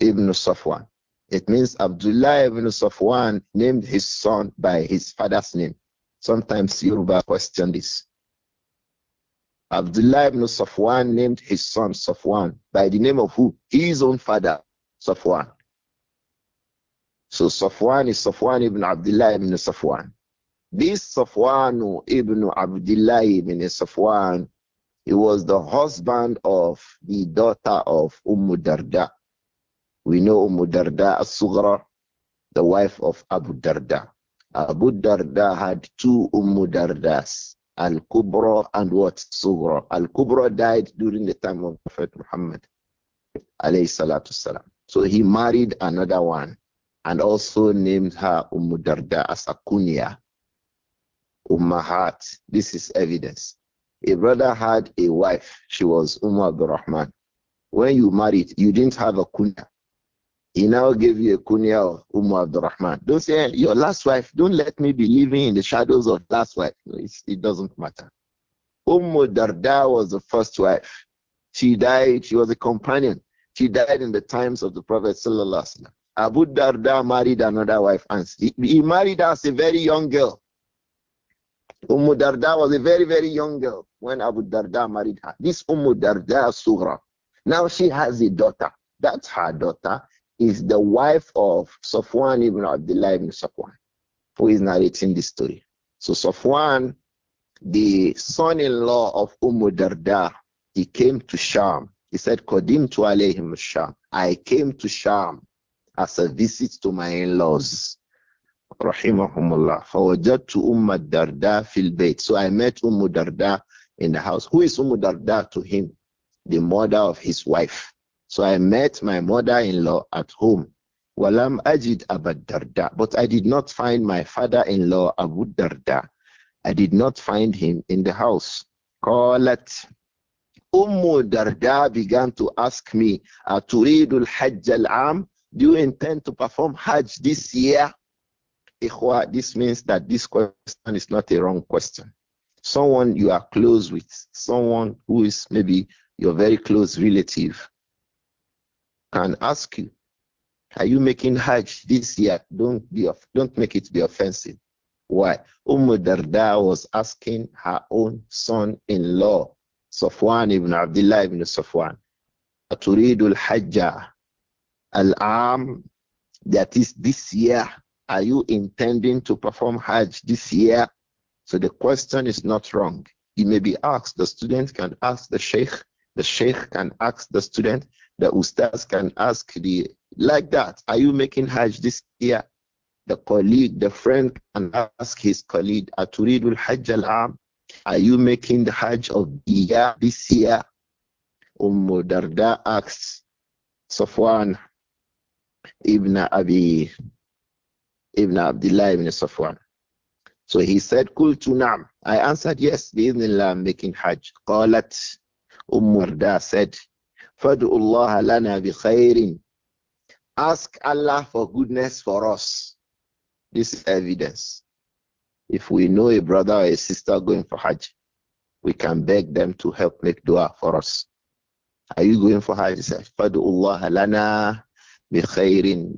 ibn Safwan. It means Abdullah ibn Safwan named his son by his father's name. Sometimes Yoruba question this. Abdullah ibn Safwan named his son Safwan by the name of who? His own father, Safwan. So Safwan is Safwan ibn Abdullah ibn Safwan. This Safwan ibn Abdullah ibn Safwan he was the husband of the daughter of Umm Darda. We know Umm Darda as-Sughra, the wife of Abu Darda. Abu Darda had two Umudardas, Dardas, Al-Kubra and what? Sughra. Al-Kubra died during the time of Prophet Muhammad salatu salam. So he married another one and also named her Umm Darda as a kunya. Ummahat. This is evidence. A brother had a wife. She was Umar Abdul Rahman. When you married, you didn't have a kunya. He now gave you a kunya of Umar Abdul Rahman. Don't say, your last wife, don't let me be living in the shadows of last wife. it doesn't matter. Ummu Darda was the first wife. She died, she was a companion. She died in the times of the Prophet Sallallahu Alaihi Wasallam. Abu Darda married another wife and he married us a very young girl. Umm Darda was a very, very young girl when Abu Darda married her. This Umm Darda Sughra. Now she has a daughter. That's her daughter, is the wife of Safwan ibn Abdullah ibn Safwan, who is narrating this story. So Safwan, the son-in-law of Umm Darda, he came to Sham. He said, Qadim to alayhim Sham. I came to Sham as a visit to my in-laws rahimahumullah, So I met Umudarda Darda in the house. Who is Umudarda Darda to him? The mother of his wife. So I met my mother-in-law at home. Walam ajid Abu Darda. But I did not find my father-in-law Abu Darda. I did not find him in the house. Qalat Ummu Darda began to ask me, Aturidul Hajj al-Am? Do you intend to perform Hajj this year? this means that this question is not a wrong question. Someone you are close with, someone who is maybe your very close relative, can ask you, Are you making Hajj this year? Don't be off, don't make it be offensive. Why? Umm Darda was asking her own son-in-law, Safwan ibn Abdullah ibn Safwan, Aturidul Hajjah al-Am, that is this year, are you intending to perform Hajj this year? So the question is not wrong. It may be asked. The student can ask the sheikh. The sheikh can ask the student. The ustaz can ask the like that. Are you making Hajj this year? The colleague, the friend can ask his colleague. Aturidul Hajj al Are you making the Hajj of the year this year? Umm Darda asks Safwan ibn Abi ibn Abdullah ibn Safwan. So he said, Kultu na'am. I answered, yes, bi'idhnillah, I'm making hajj. Qalat Umm Warda said, Fadu'ullah lana bi khairin. Ask Allah for goodness for us. This is evidence. If we know a brother or a sister going for hajj, we can beg them to help make dua for us. Are you going for hajj? He said, Fadu'ullah lana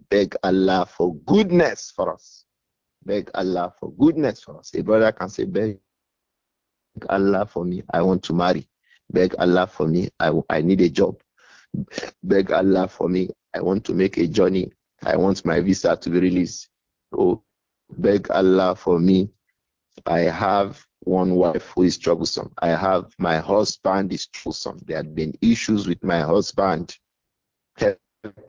Beg Allah for goodness for us. Beg Allah for goodness for us. A brother can say, beg Allah for me, I want to marry. Beg Allah for me, I, I need a job. Beg Allah for me, I want to make a journey. I want my visa to be released. Oh, beg Allah for me. I have one wife who is troublesome. I have my husband is troublesome. There have been issues with my husband. Help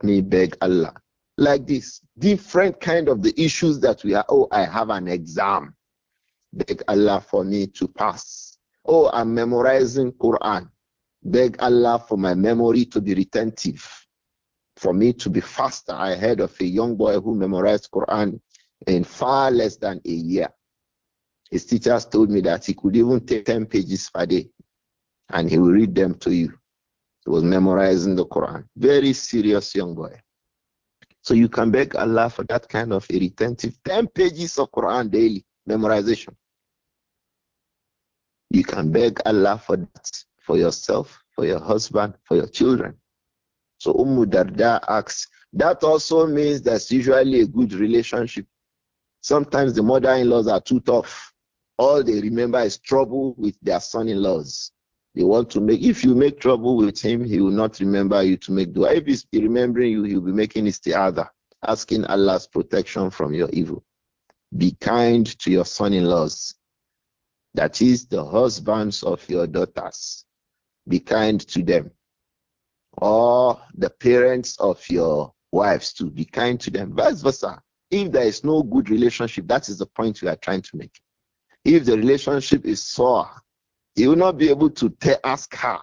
me beg Allah. Like this, different kind of the issues that we are. Oh, I have an exam. Beg Allah for me to pass. Oh, I'm memorizing Quran. Beg Allah for my memory to be retentive, for me to be faster. I heard of a young boy who memorized Quran in far less than a year. His teachers told me that he could even take 10 pages per day and he will read them to you. He was memorizing the Quran. Very serious young boy. So you can beg Allah for that kind of a retentive 10 pages of Quran daily memorization. You can beg Allah for that, for yourself, for your husband, for your children. So Umm Darda asks, that also means there's usually a good relationship. Sometimes the mother in laws are too tough. All they remember is trouble with their son in laws. You want to make, if you make trouble with him, he will not remember you to make dua. If he's remembering you, he'll be making other. asking Allah's protection from your evil. Be kind to your son in laws, that is, the husbands of your daughters. Be kind to them. Or the parents of your wives to be kind to them, vice versa. If there is no good relationship, that is the point we are trying to make. If the relationship is sour, he will not be able to te- ask her.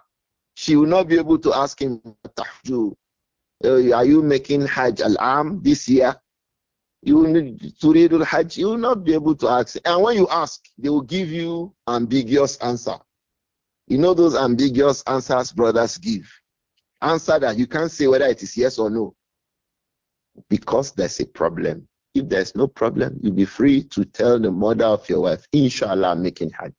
She will not be able to ask him, eh, Are you making Hajj al Am this year? You will need to read al Hajj. You will not be able to ask. And when you ask, they will give you ambiguous answer. You know those ambiguous answers brothers give. Answer that you can't say whether it is yes or no. Because there's a problem. If there's no problem, you'll be free to tell the mother of your wife, inshallah, making Hajj.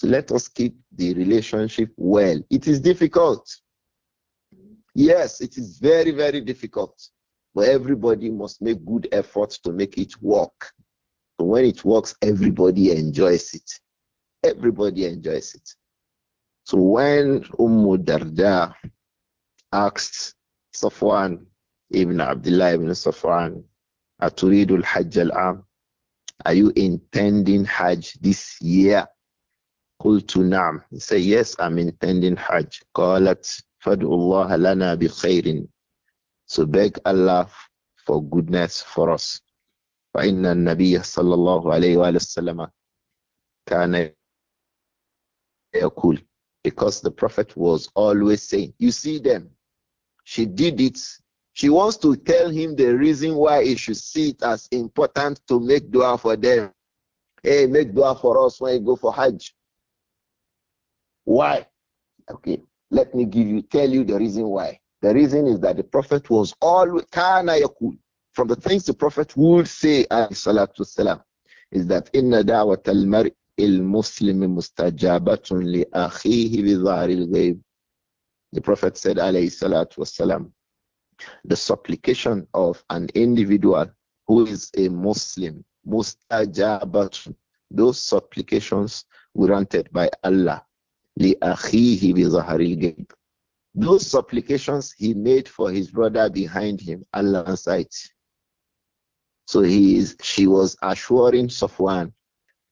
So let us keep the relationship well. It is difficult. Yes, it is very, very difficult. But everybody must make good efforts to make it work. when it works, everybody enjoys it. Everybody enjoys it. So when Ummu Darda asked Safwan ibn Abdullah ibn Safwan, hajj al-Am, are you intending Hajj this year? قلت نعم. He yes, I'm intending Hajj. قالت فادعوا الله لنا بخير. So beg Allah for goodness for us. فإن النبي صلى الله عليه Wasallam, وسلم كان يقول because the prophet was always saying, you see them, she did it. She wants to tell him the reason why he should see it as important to make dua for them. Hey, make dua for us when you go for Hajj. Why? Okay, let me give you tell you the reason why. The reason is that the Prophet was always From the things the Prophet would say, salatu salam, is that inna da'wat al-mar'i al-muslimi mustajabatun li akhihi bi ghaib. The Prophet said, alayhi salatu wasalam, the supplication of an individual who is a Muslim, mustajabatun, those supplications granted by Allah those supplications he made for his brother behind him, Allah sight. So he is, she was assuring Safwan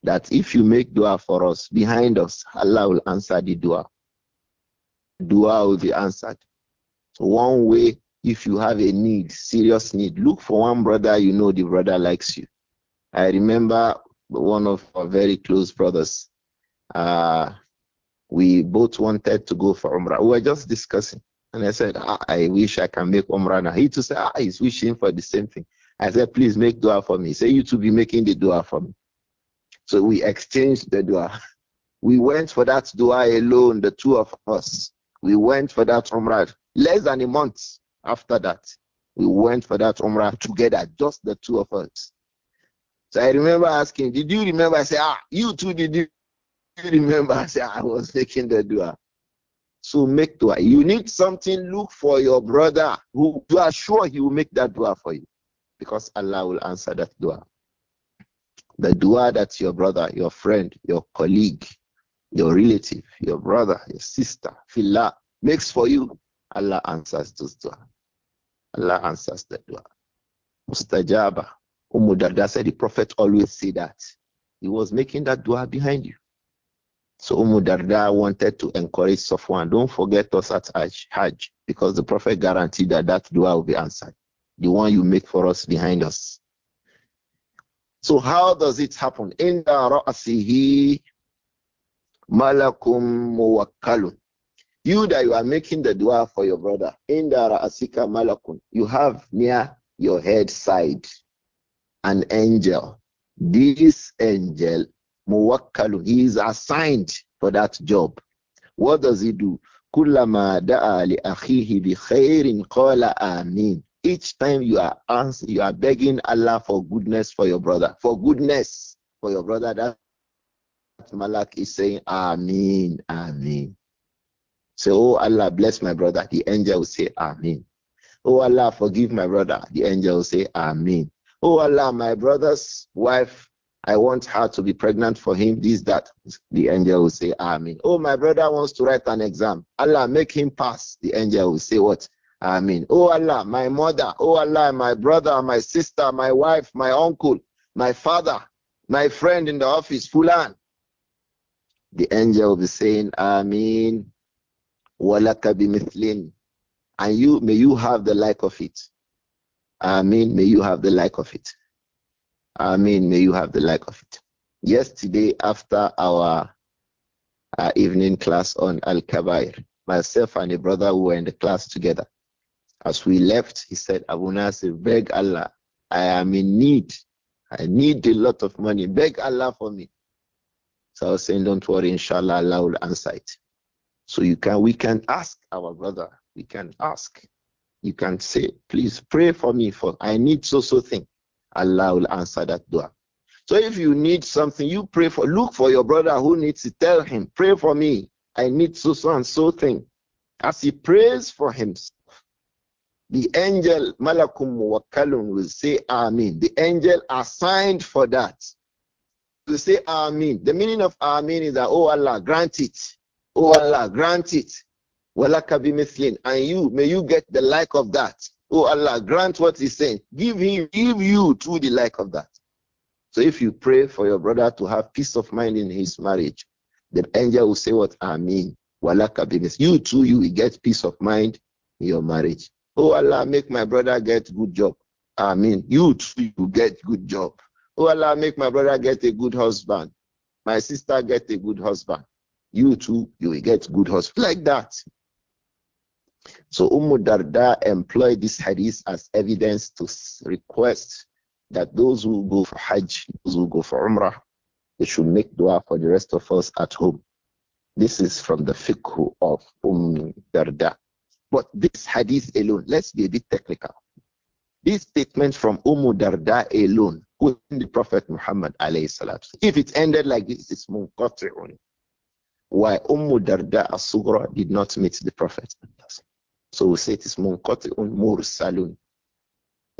that if you make dua for us behind us, Allah will answer the dua. Dua will be answered. So one way, if you have a need, serious need, look for one brother you know the brother likes you. I remember one of our very close brothers. Uh, we both wanted to go for Umrah. We were just discussing. And I said, ah, I wish I can make Umrah now. He to say, ah, he's wishing for the same thing. I said, please make dua for me. Say you to be making the dua for me. So we exchanged the dua. We went for that dua alone, the two of us. We went for that Umrah. Less than a month after that, we went for that Umrah together, just the two of us. So I remember asking, did you remember? I said, ah, you too did remember I said I was making the dua. So make dua. You need something, look for your brother who you are sure he will make that dua for you. Because Allah will answer that dua. The dua that your brother, your friend, your colleague, your relative, your brother, your sister, Fillah makes for you, Allah answers those dua. Allah answers the dua. Mustajaba. Umudada said the Prophet always said that. He was making that dua behind you. So Umm Darda wanted to encourage Safwan, don't forget us at Hajj, because the Prophet guaranteed that that dua will be answered. The one you make for us behind us. So how does it happen? In ra'asihi malakum muwakkalun. You that you are making the dua for your brother. In ra'asika malakun. You have near your head side an angel. This angel Muwakkalu. He is assigned for that job. What does he do? كلما دعا لأخيه بخير قال آمين. Each time you are asking you are begging Allah for goodness for your brother, for goodness for your brother. That Malak is saying, Amin, Amin. So, Oh Allah, bless my brother. The angel will say, Amin. Oh Allah, forgive my brother. The angel will say, Amin. Oh Allah, my brother's wife I want her to be pregnant for him, this, that. The angel will say, Amen. Oh, my brother wants to write an exam. Allah, make him pass. The angel will say, What? Amen. Oh, Allah, my mother. Oh, Allah, my brother, my sister, my wife, my uncle, my father, my friend in the office, Fulan. The angel will be saying, Amen. Walaka bimithlin. And you, may you have the like of it. Amen. May you have the like of it. I mean, may you have the like of it. Yesterday, after our uh, evening class on Al Kabair, myself and a brother who were in the class together. As we left, he said, Abu Nasir, beg Allah, I am in need. I need a lot of money. Beg Allah for me. So I was saying, don't worry, inshallah, Allah will answer it. So you can, we can ask our brother. We can ask. You can say, please pray for me for I need so so thing. Allah will answer that dua. So if you need something, you pray for, look for your brother who needs it. Tell him, pray for me. I need so, so and so thing. As he prays for himself, the angel, Malakum Muwakkalun, will say Amin. The angel assigned for that will say Amin. The meaning of Amin is that, oh Allah, grant it. Oh Allah, grant it. Walaka And you, may you get the like of that. Oh Allah, grant what he's saying. Give him, give you to the like of that. So if you pray for your brother to have peace of mind in his marriage, the angel will say what I mean. Walaka business. You too, you will get peace of mind in your marriage. Oh Allah, make my brother get good job. I mean, you too, you get good job. Oh Allah, make my brother get a good husband. My sister get a good husband. You too, you will get good husband. Like that. So Umm Darda employed this hadith as evidence to request that those who go for Hajj, those who go for Umrah, they should make dua for the rest of us at home. This is from the fiqh of Umm Darda. But this hadith alone, let's be a bit technical. This statement from Umm Darda alone, within the Prophet Muhammad if it ended like this, it's only. Why Umm Darda as did not meet the Prophet. So we say it is Munkoti'un Mursalun.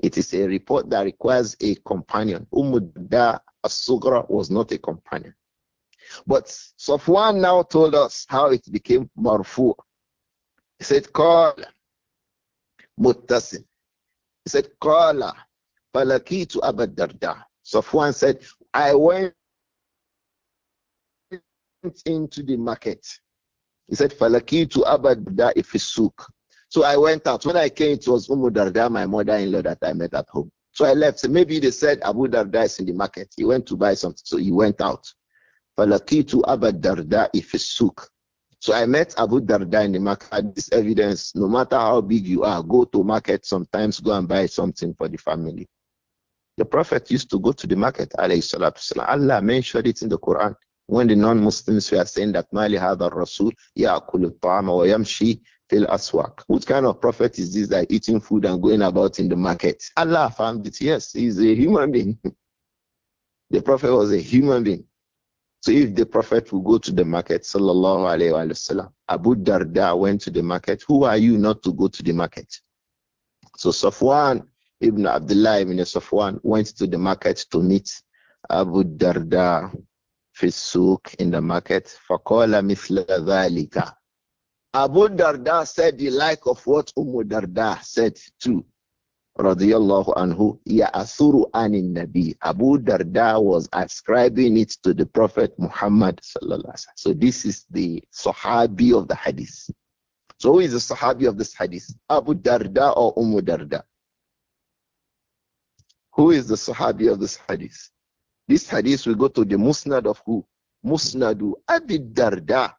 It is a report that requires a companion. Umudda Asugra was not a companion. But Sofwan now told us how it became Marfu. He said, Call Mutasim. He said, Qala to Abad Darda. Sofwan said, I went into the market. He said, to Abad Darda if so I went out. When I came, it was Umu Darda, my mother-in-law that I met at home. So I left. maybe they said Abu Darda is in the market. He went to buy something, so he went out. Falakitu Abu Darda if souk. So I met Abu Darda in the market. This evidence, no matter how big you are, go to market sometimes, go and buy something for the family. The Prophet used to go to the market, Allah mentioned it in the Quran. When the non-Muslims were saying that Mali had a Rasul, ya kulutama wa yamshi fil aswak. What kind of prophet is this that eating food and going about in the market? Allah found it. Yes, he's a human being. the prophet was a human being. So if the prophet will go to the market, sallallahu alayhi wa, sallam, Abu Darda went to the market. Who are you not to go to the market? So Safwan ibn Abdullah ibn Safwan went to the market to meet Abu Darda في in the market فقال مثل ذلك Abu Darda said the like of what Umm Darda said too. Radiallahu anhu, Ya'athuru anin Nabi. Abu Darda was ascribing it to the Prophet Muhammad. So this is the Sahabi of the Hadith. So who is the Sahabi of this Hadith? Abu Darda or Umm Darda? Who is the Sahabi of this Hadith? This Hadith will go to the Musnad of who? Musnadu Abid Darda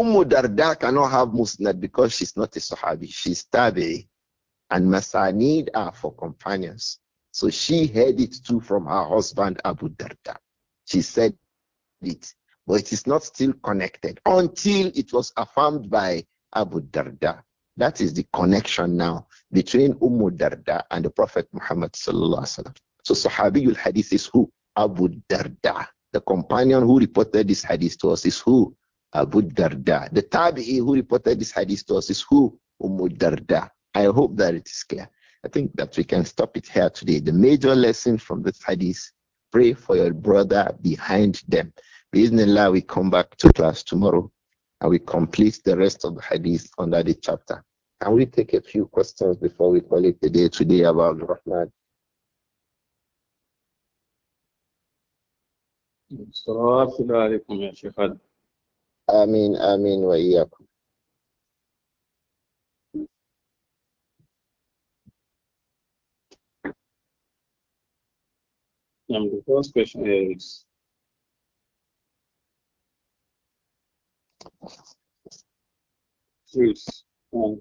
Ummu Darda cannot have Musnad because she's not a Sahabi. She's Tabi. And Masanid are for companions. So she heard it too from her husband Abu Darda. She said it, but it is not still connected until it was affirmed by Abu Darda. That is the connection now between Ummu Darda and the Prophet Muhammad. So Sahabiyul Hadith is who? Abu Darda. The companion who reported this hadith to us is who? Abu Darda. The Tabi'i who reported this hadith to us is who? Umm Darda. I hope that it is clear. I think that we can stop it here today. The major lesson from this hadith pray for your brother behind them. Bismillah, we come back to class tomorrow and we complete the rest of the hadith under the chapter. Can we take a few questions before we call it a day today about Rahman? السلام عليكم يا شيخ آمين آمين وإياكم Um, the first question is Please, um,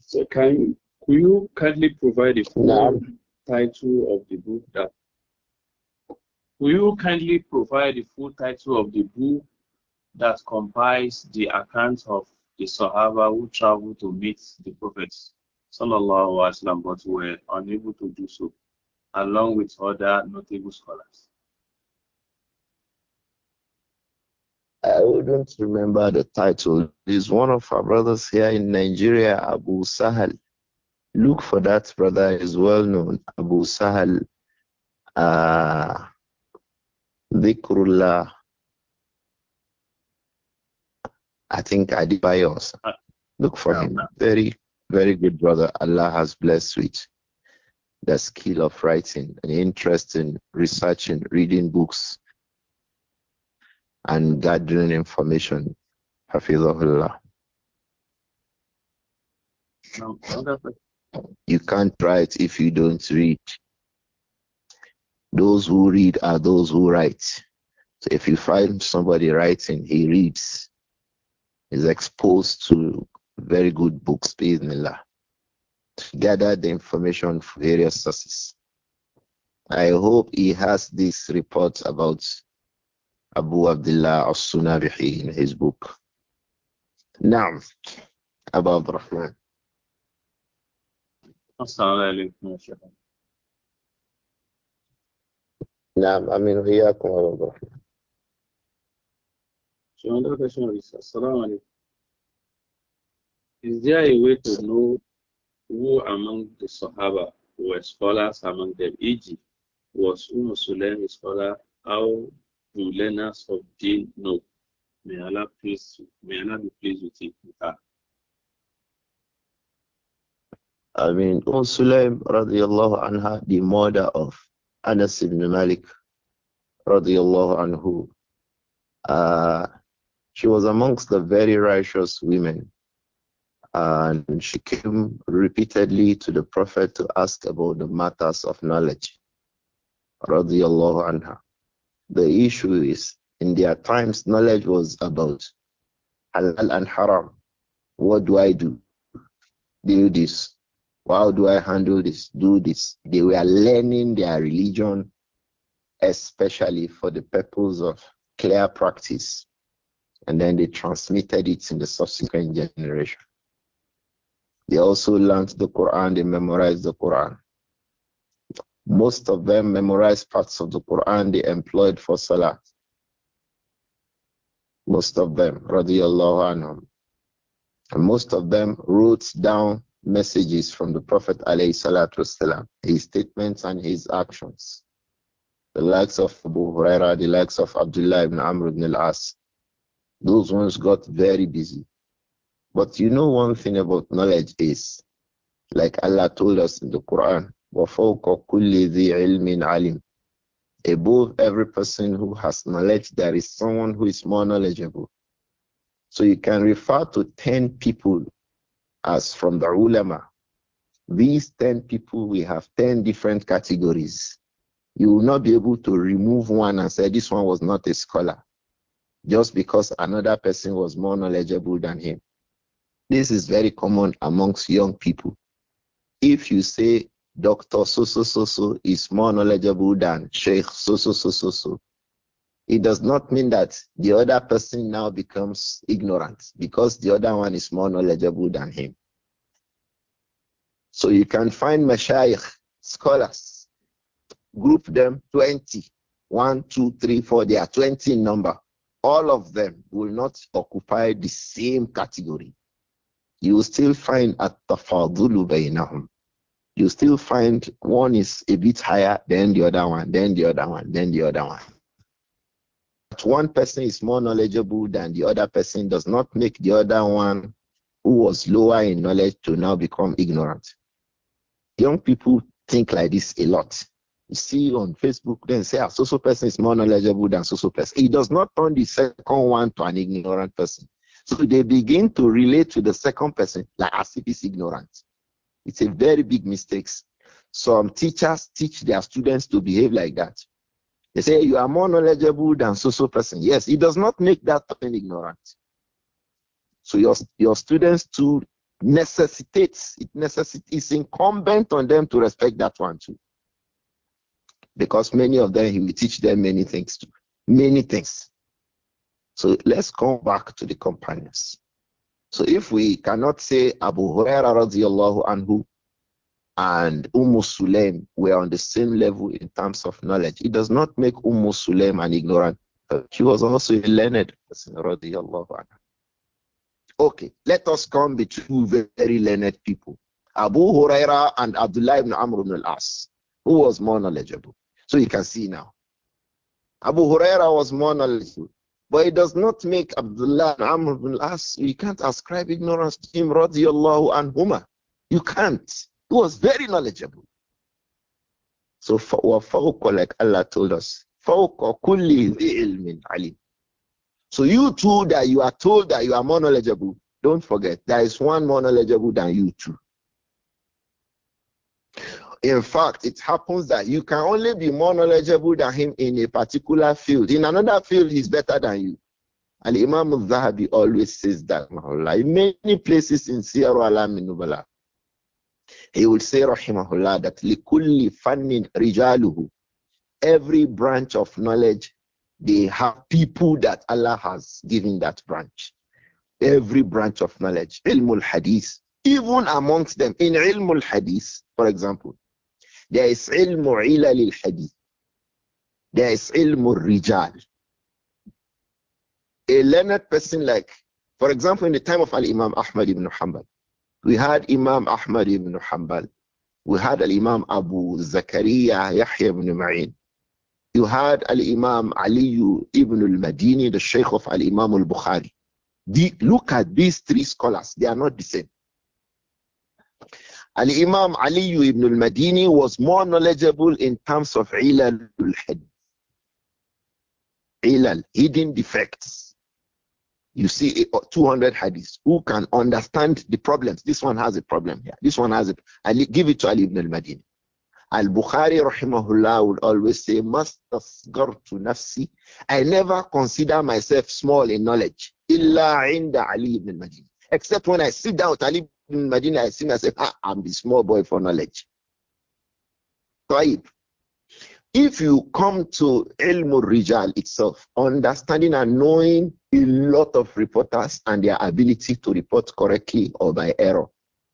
so can, can you kindly provide a full no. title of the book that Will you kindly provide the full title of the book that compiles the accounts of the Sahaba who traveled to meet the prophets, sallallahu wasallam, but were unable to do so, along with other notable scholars? I wouldn't remember the title. There's one of our brothers here in Nigeria, Abu Sahal. Look for that brother, he's well known, Abu Sahal. Uh, Dhikrullah. I think Adibayo also. Uh, Look for him. Very, very good brother. Allah has blessed with the skill of writing, and interest in researching, reading books, and gathering information. Hafizahullah. you can't write if you don't read. Those who read are those who write. So if you find somebody writing, he reads, is exposed to very good books, Bismillah. Gather the information from various sources. I hope he has this report about Abu Abdullah al Sunabihi in his book. Now, Abu Abdurrahman. نعم امين وإياكم So another question is Assalamu alaikum. Is there a way to know who among the Sahaba were scholars among them, e.g., was Umar Sulaim a scholar? How do learners of Deen know? May Allah, please, may Allah be pleased with him. Ah. I mean, Umm Sulaim, radiallahu anha, the mother of Anas ibn Malik radiallahu anhu. Uh, she was amongst the very righteous women. And she came repeatedly to the Prophet to ask about the matters of knowledge. Radiallahu anha. The issue is, in their times, knowledge was about halal and haram. What do I do? Do this. How do I handle this? Do this. They were learning their religion, especially for the purpose of clear practice. And then they transmitted it in the subsequent generation. They also learned the Quran, they memorized the Quran. Most of them memorized parts of the Quran they employed for Salah. Most of them, radiallahu anhum. And most of them wrote down messages from the Prophet والسلام, his statements and his actions. The likes of Abu Huraira, the likes of Abdullah ibn Amr ibn al-As, those ones got very busy. But you know one thing about knowledge is, like Allah told us in the Quran, Above every person who has knowledge, there is someone who is more knowledgeable. So you can refer to 10 people as from the ulama. These 10 people, we have 10 different categories. You will not be able to remove one and say this one was not a scholar just because another person was more knowledgeable than him. This is very common amongst young people. If you say Dr. So so so so is more knowledgeable than Sheikh so so so so so, it does not mean that the other person now becomes ignorant because the other one is more knowledgeable than him. So you can find mashayikh, scholars, group them 20, 1, 2, 3, 4, they are 20 in number. All of them will not occupy the same category. You will still find at tafadulu bainahum. You still find one is a bit higher than the other one, then the other one, then the other one that one person is more knowledgeable than the other person does not make the other one who was lower in knowledge to now become ignorant. Young people think like this a lot. You see on Facebook, then say, ah, so so person is more knowledgeable than so so person. It does not turn the second one to an ignorant person. So they begin to relate to the second person like as if it's ignorant. It's a very big mistake. Some teachers teach their students to behave like that. They say you are more knowledgeable than so so person. Yes, it does not make that person ignorant. So your your students to necessitates it necessitates incumbent on them to respect that one too. Because many of them he will teach them many things too. Many things. So let's come back to the companions. So if we cannot say Abu Huraira radiallahu anhu and Umu Sulaim were on the same level in terms of knowledge. It does not make Umu Sulaim an ignorant. She was also a learned person. Okay, let us come between two very learned people, Abu Huraira and Abdullah ibn Amr ibn al-As. Who was more knowledgeable? So you can see now. Abu Huraira was more knowledgeable. But it does not make Abdullah ibn Amr ibn al-As, you can't ascribe ignorance to him, and anhuma. You can't. He was very knowledgeable. So وَفَوْقَ like Allah told us, ilmin alim. So you too that you are told that you are more knowledgeable, don't forget there is one more knowledgeable than you too. In fact, it happens that you can only be more knowledgeable than him in a particular field. In another field, he's better than you. And Imam al-Zahabi always says that, in many places in Sierra Alam in Nubala. He will say, Rahimahullah, that likulli fannin rijaluhu. Every branch of knowledge, they have people that Allah has given that branch. Every branch of knowledge, ilmul hadith, even amongst them, in ilmul hadith, for example, there is ilmu ilalil hadith, there is ilmu rijal. A learned person like, for example, in the time of Al Imam Ahmad ibn Hanbal, we had Imam Ahmad ibn Hanbal. We had Imam Abu Zakaria Yahya ibn Ma'in. You had imam Ali ibn al-Madini, the Sheikh of Al-Imam al-Bukhari. look at these three scholars. They are not the same. Al-Imam Ali ibn al-Madini was more knowledgeable in terms of ilal al-hadith. Ilal, hidden defects you see 200 hadiths. Who can understand the problems? This one has a problem here. This one has it. I give it to Ali ibn al-Madini. Al-Bukhari rahimahullah would always say, Mastasgar to nafsi. I never consider myself small in knowledge. Illa inda Ali ibn al-Madini. Except when I sit down with Ali ibn al-Madini, I see myself, ah, I'm the small boy for knowledge. Taib. If you come to ilm al-rijal itself, understanding and knowing a lot of reporters and their ability to report correctly or by error.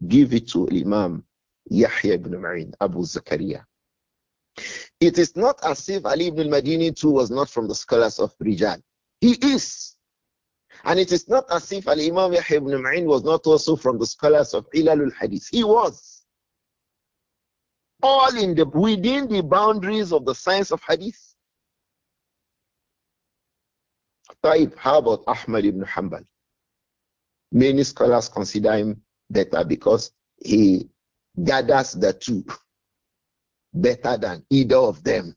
Give it to Imam Yahya ibn Ma'in, Abu Zakaria. It is not as if Ali ibn al-Madini too was not from the scholars of Rijal. He is. And it is not as if Al-Imam Yahya ibn Ma'in was not also from the scholars of Ilalul Hadith. He was. All in the within the boundaries of the science of Hadith. Taib, how about Ahmad ibn Hanbal? Many scholars consider him better because he gathers the two better than either of them.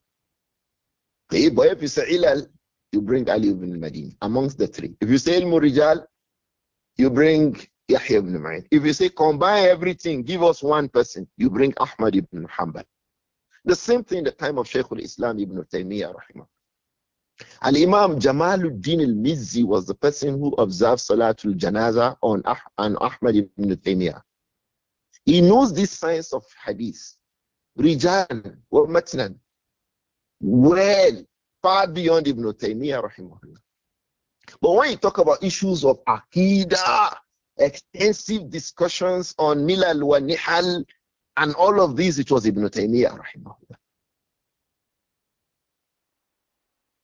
But if you say Ilal, you bring Ali ibn Madin amongst the three. If you say Murijal you bring Yahya ibn Ma'in. If you say combine everything, give us one person, you bring Ahmad ibn Hanbal. The same thing in the time of Shaykh al-Islam ibn Taymiyyah, rahimah. And Imam Jamaluddin al Mizzi was the person who observed Salatul Janaza on, ah on Ahmad ibn Taymiyyah. He knows this science of hadith. Rijan wa matnan. Well, far beyond Ibn Taymiyyah rahimahullah. But when you talk about issues of Aqidah, extensive discussions on Milal wa Nihal, and all of these, it was Ibn Taymiyyah rahimahullah.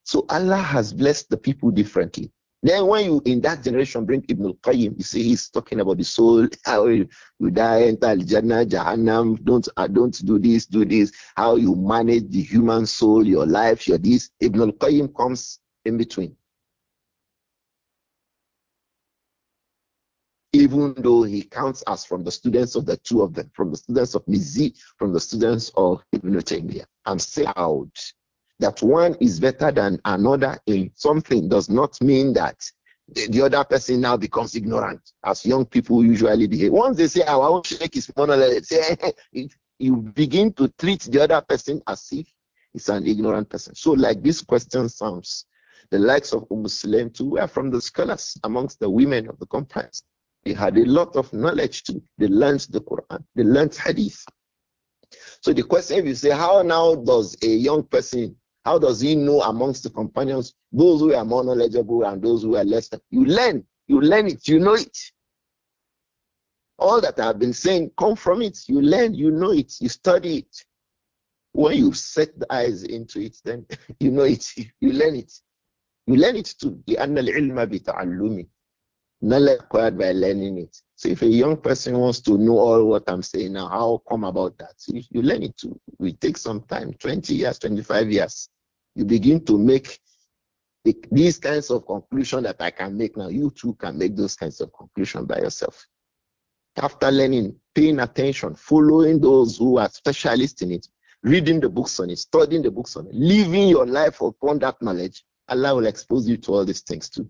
So Allah has blessed the people differently. Then when you in that generation bring Ibn al-Qayyim, you see he's talking about the soul, how you, die die, enter Jannah, Jahannam, don't uh, don't do this, do this, how you manage the human soul, your life, your this. Ibn al-Qayyim comes in between. Even though he counts us from the students of the two of them, from the students of Mizi, from the students of Ibn Taymiyyah. I'm still out that one is better than another in something does not mean that the, the other person now becomes ignorant, as young people usually behave. Once they say, oh, I want to shake his monolith, eh, eh, you begin to treat the other person as if he's an ignorant person. So, like this question sounds, the likes of Muslim too were from the scholars amongst the women of the conference. They had a lot of knowledge too. They learned the Quran, they learned Hadith. So the question if you say, how now does a young person how does he know amongst the companions those who are more knowledgeable and those who are less? You learn, you learn it, you know it. All that I've been saying come from it. You learn, you know it, you study it. When you set the eyes into it, then you know it, you learn it. You learn it too. Knowledge acquired by learning it. So if a young person wants to know all what I'm saying now, how come about that? you, you learn it too. It takes some time, 20 years, 25 years you begin to make these kinds of conclusion that I can make now. You too can make those kinds of conclusion by yourself. After learning, paying attention, following those who are specialists in it, reading the books on it, studying the books on it, living your life upon that knowledge, Allah will expose you to all these things too.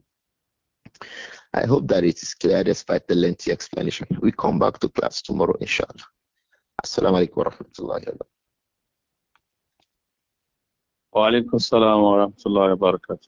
I hope that it is clear despite the lengthy explanation. We come back to class tomorrow, inshallah. Assalamu alaikum wa ওয়ালাইকুম আসসালাম রহমতুল্লাহ বারকাত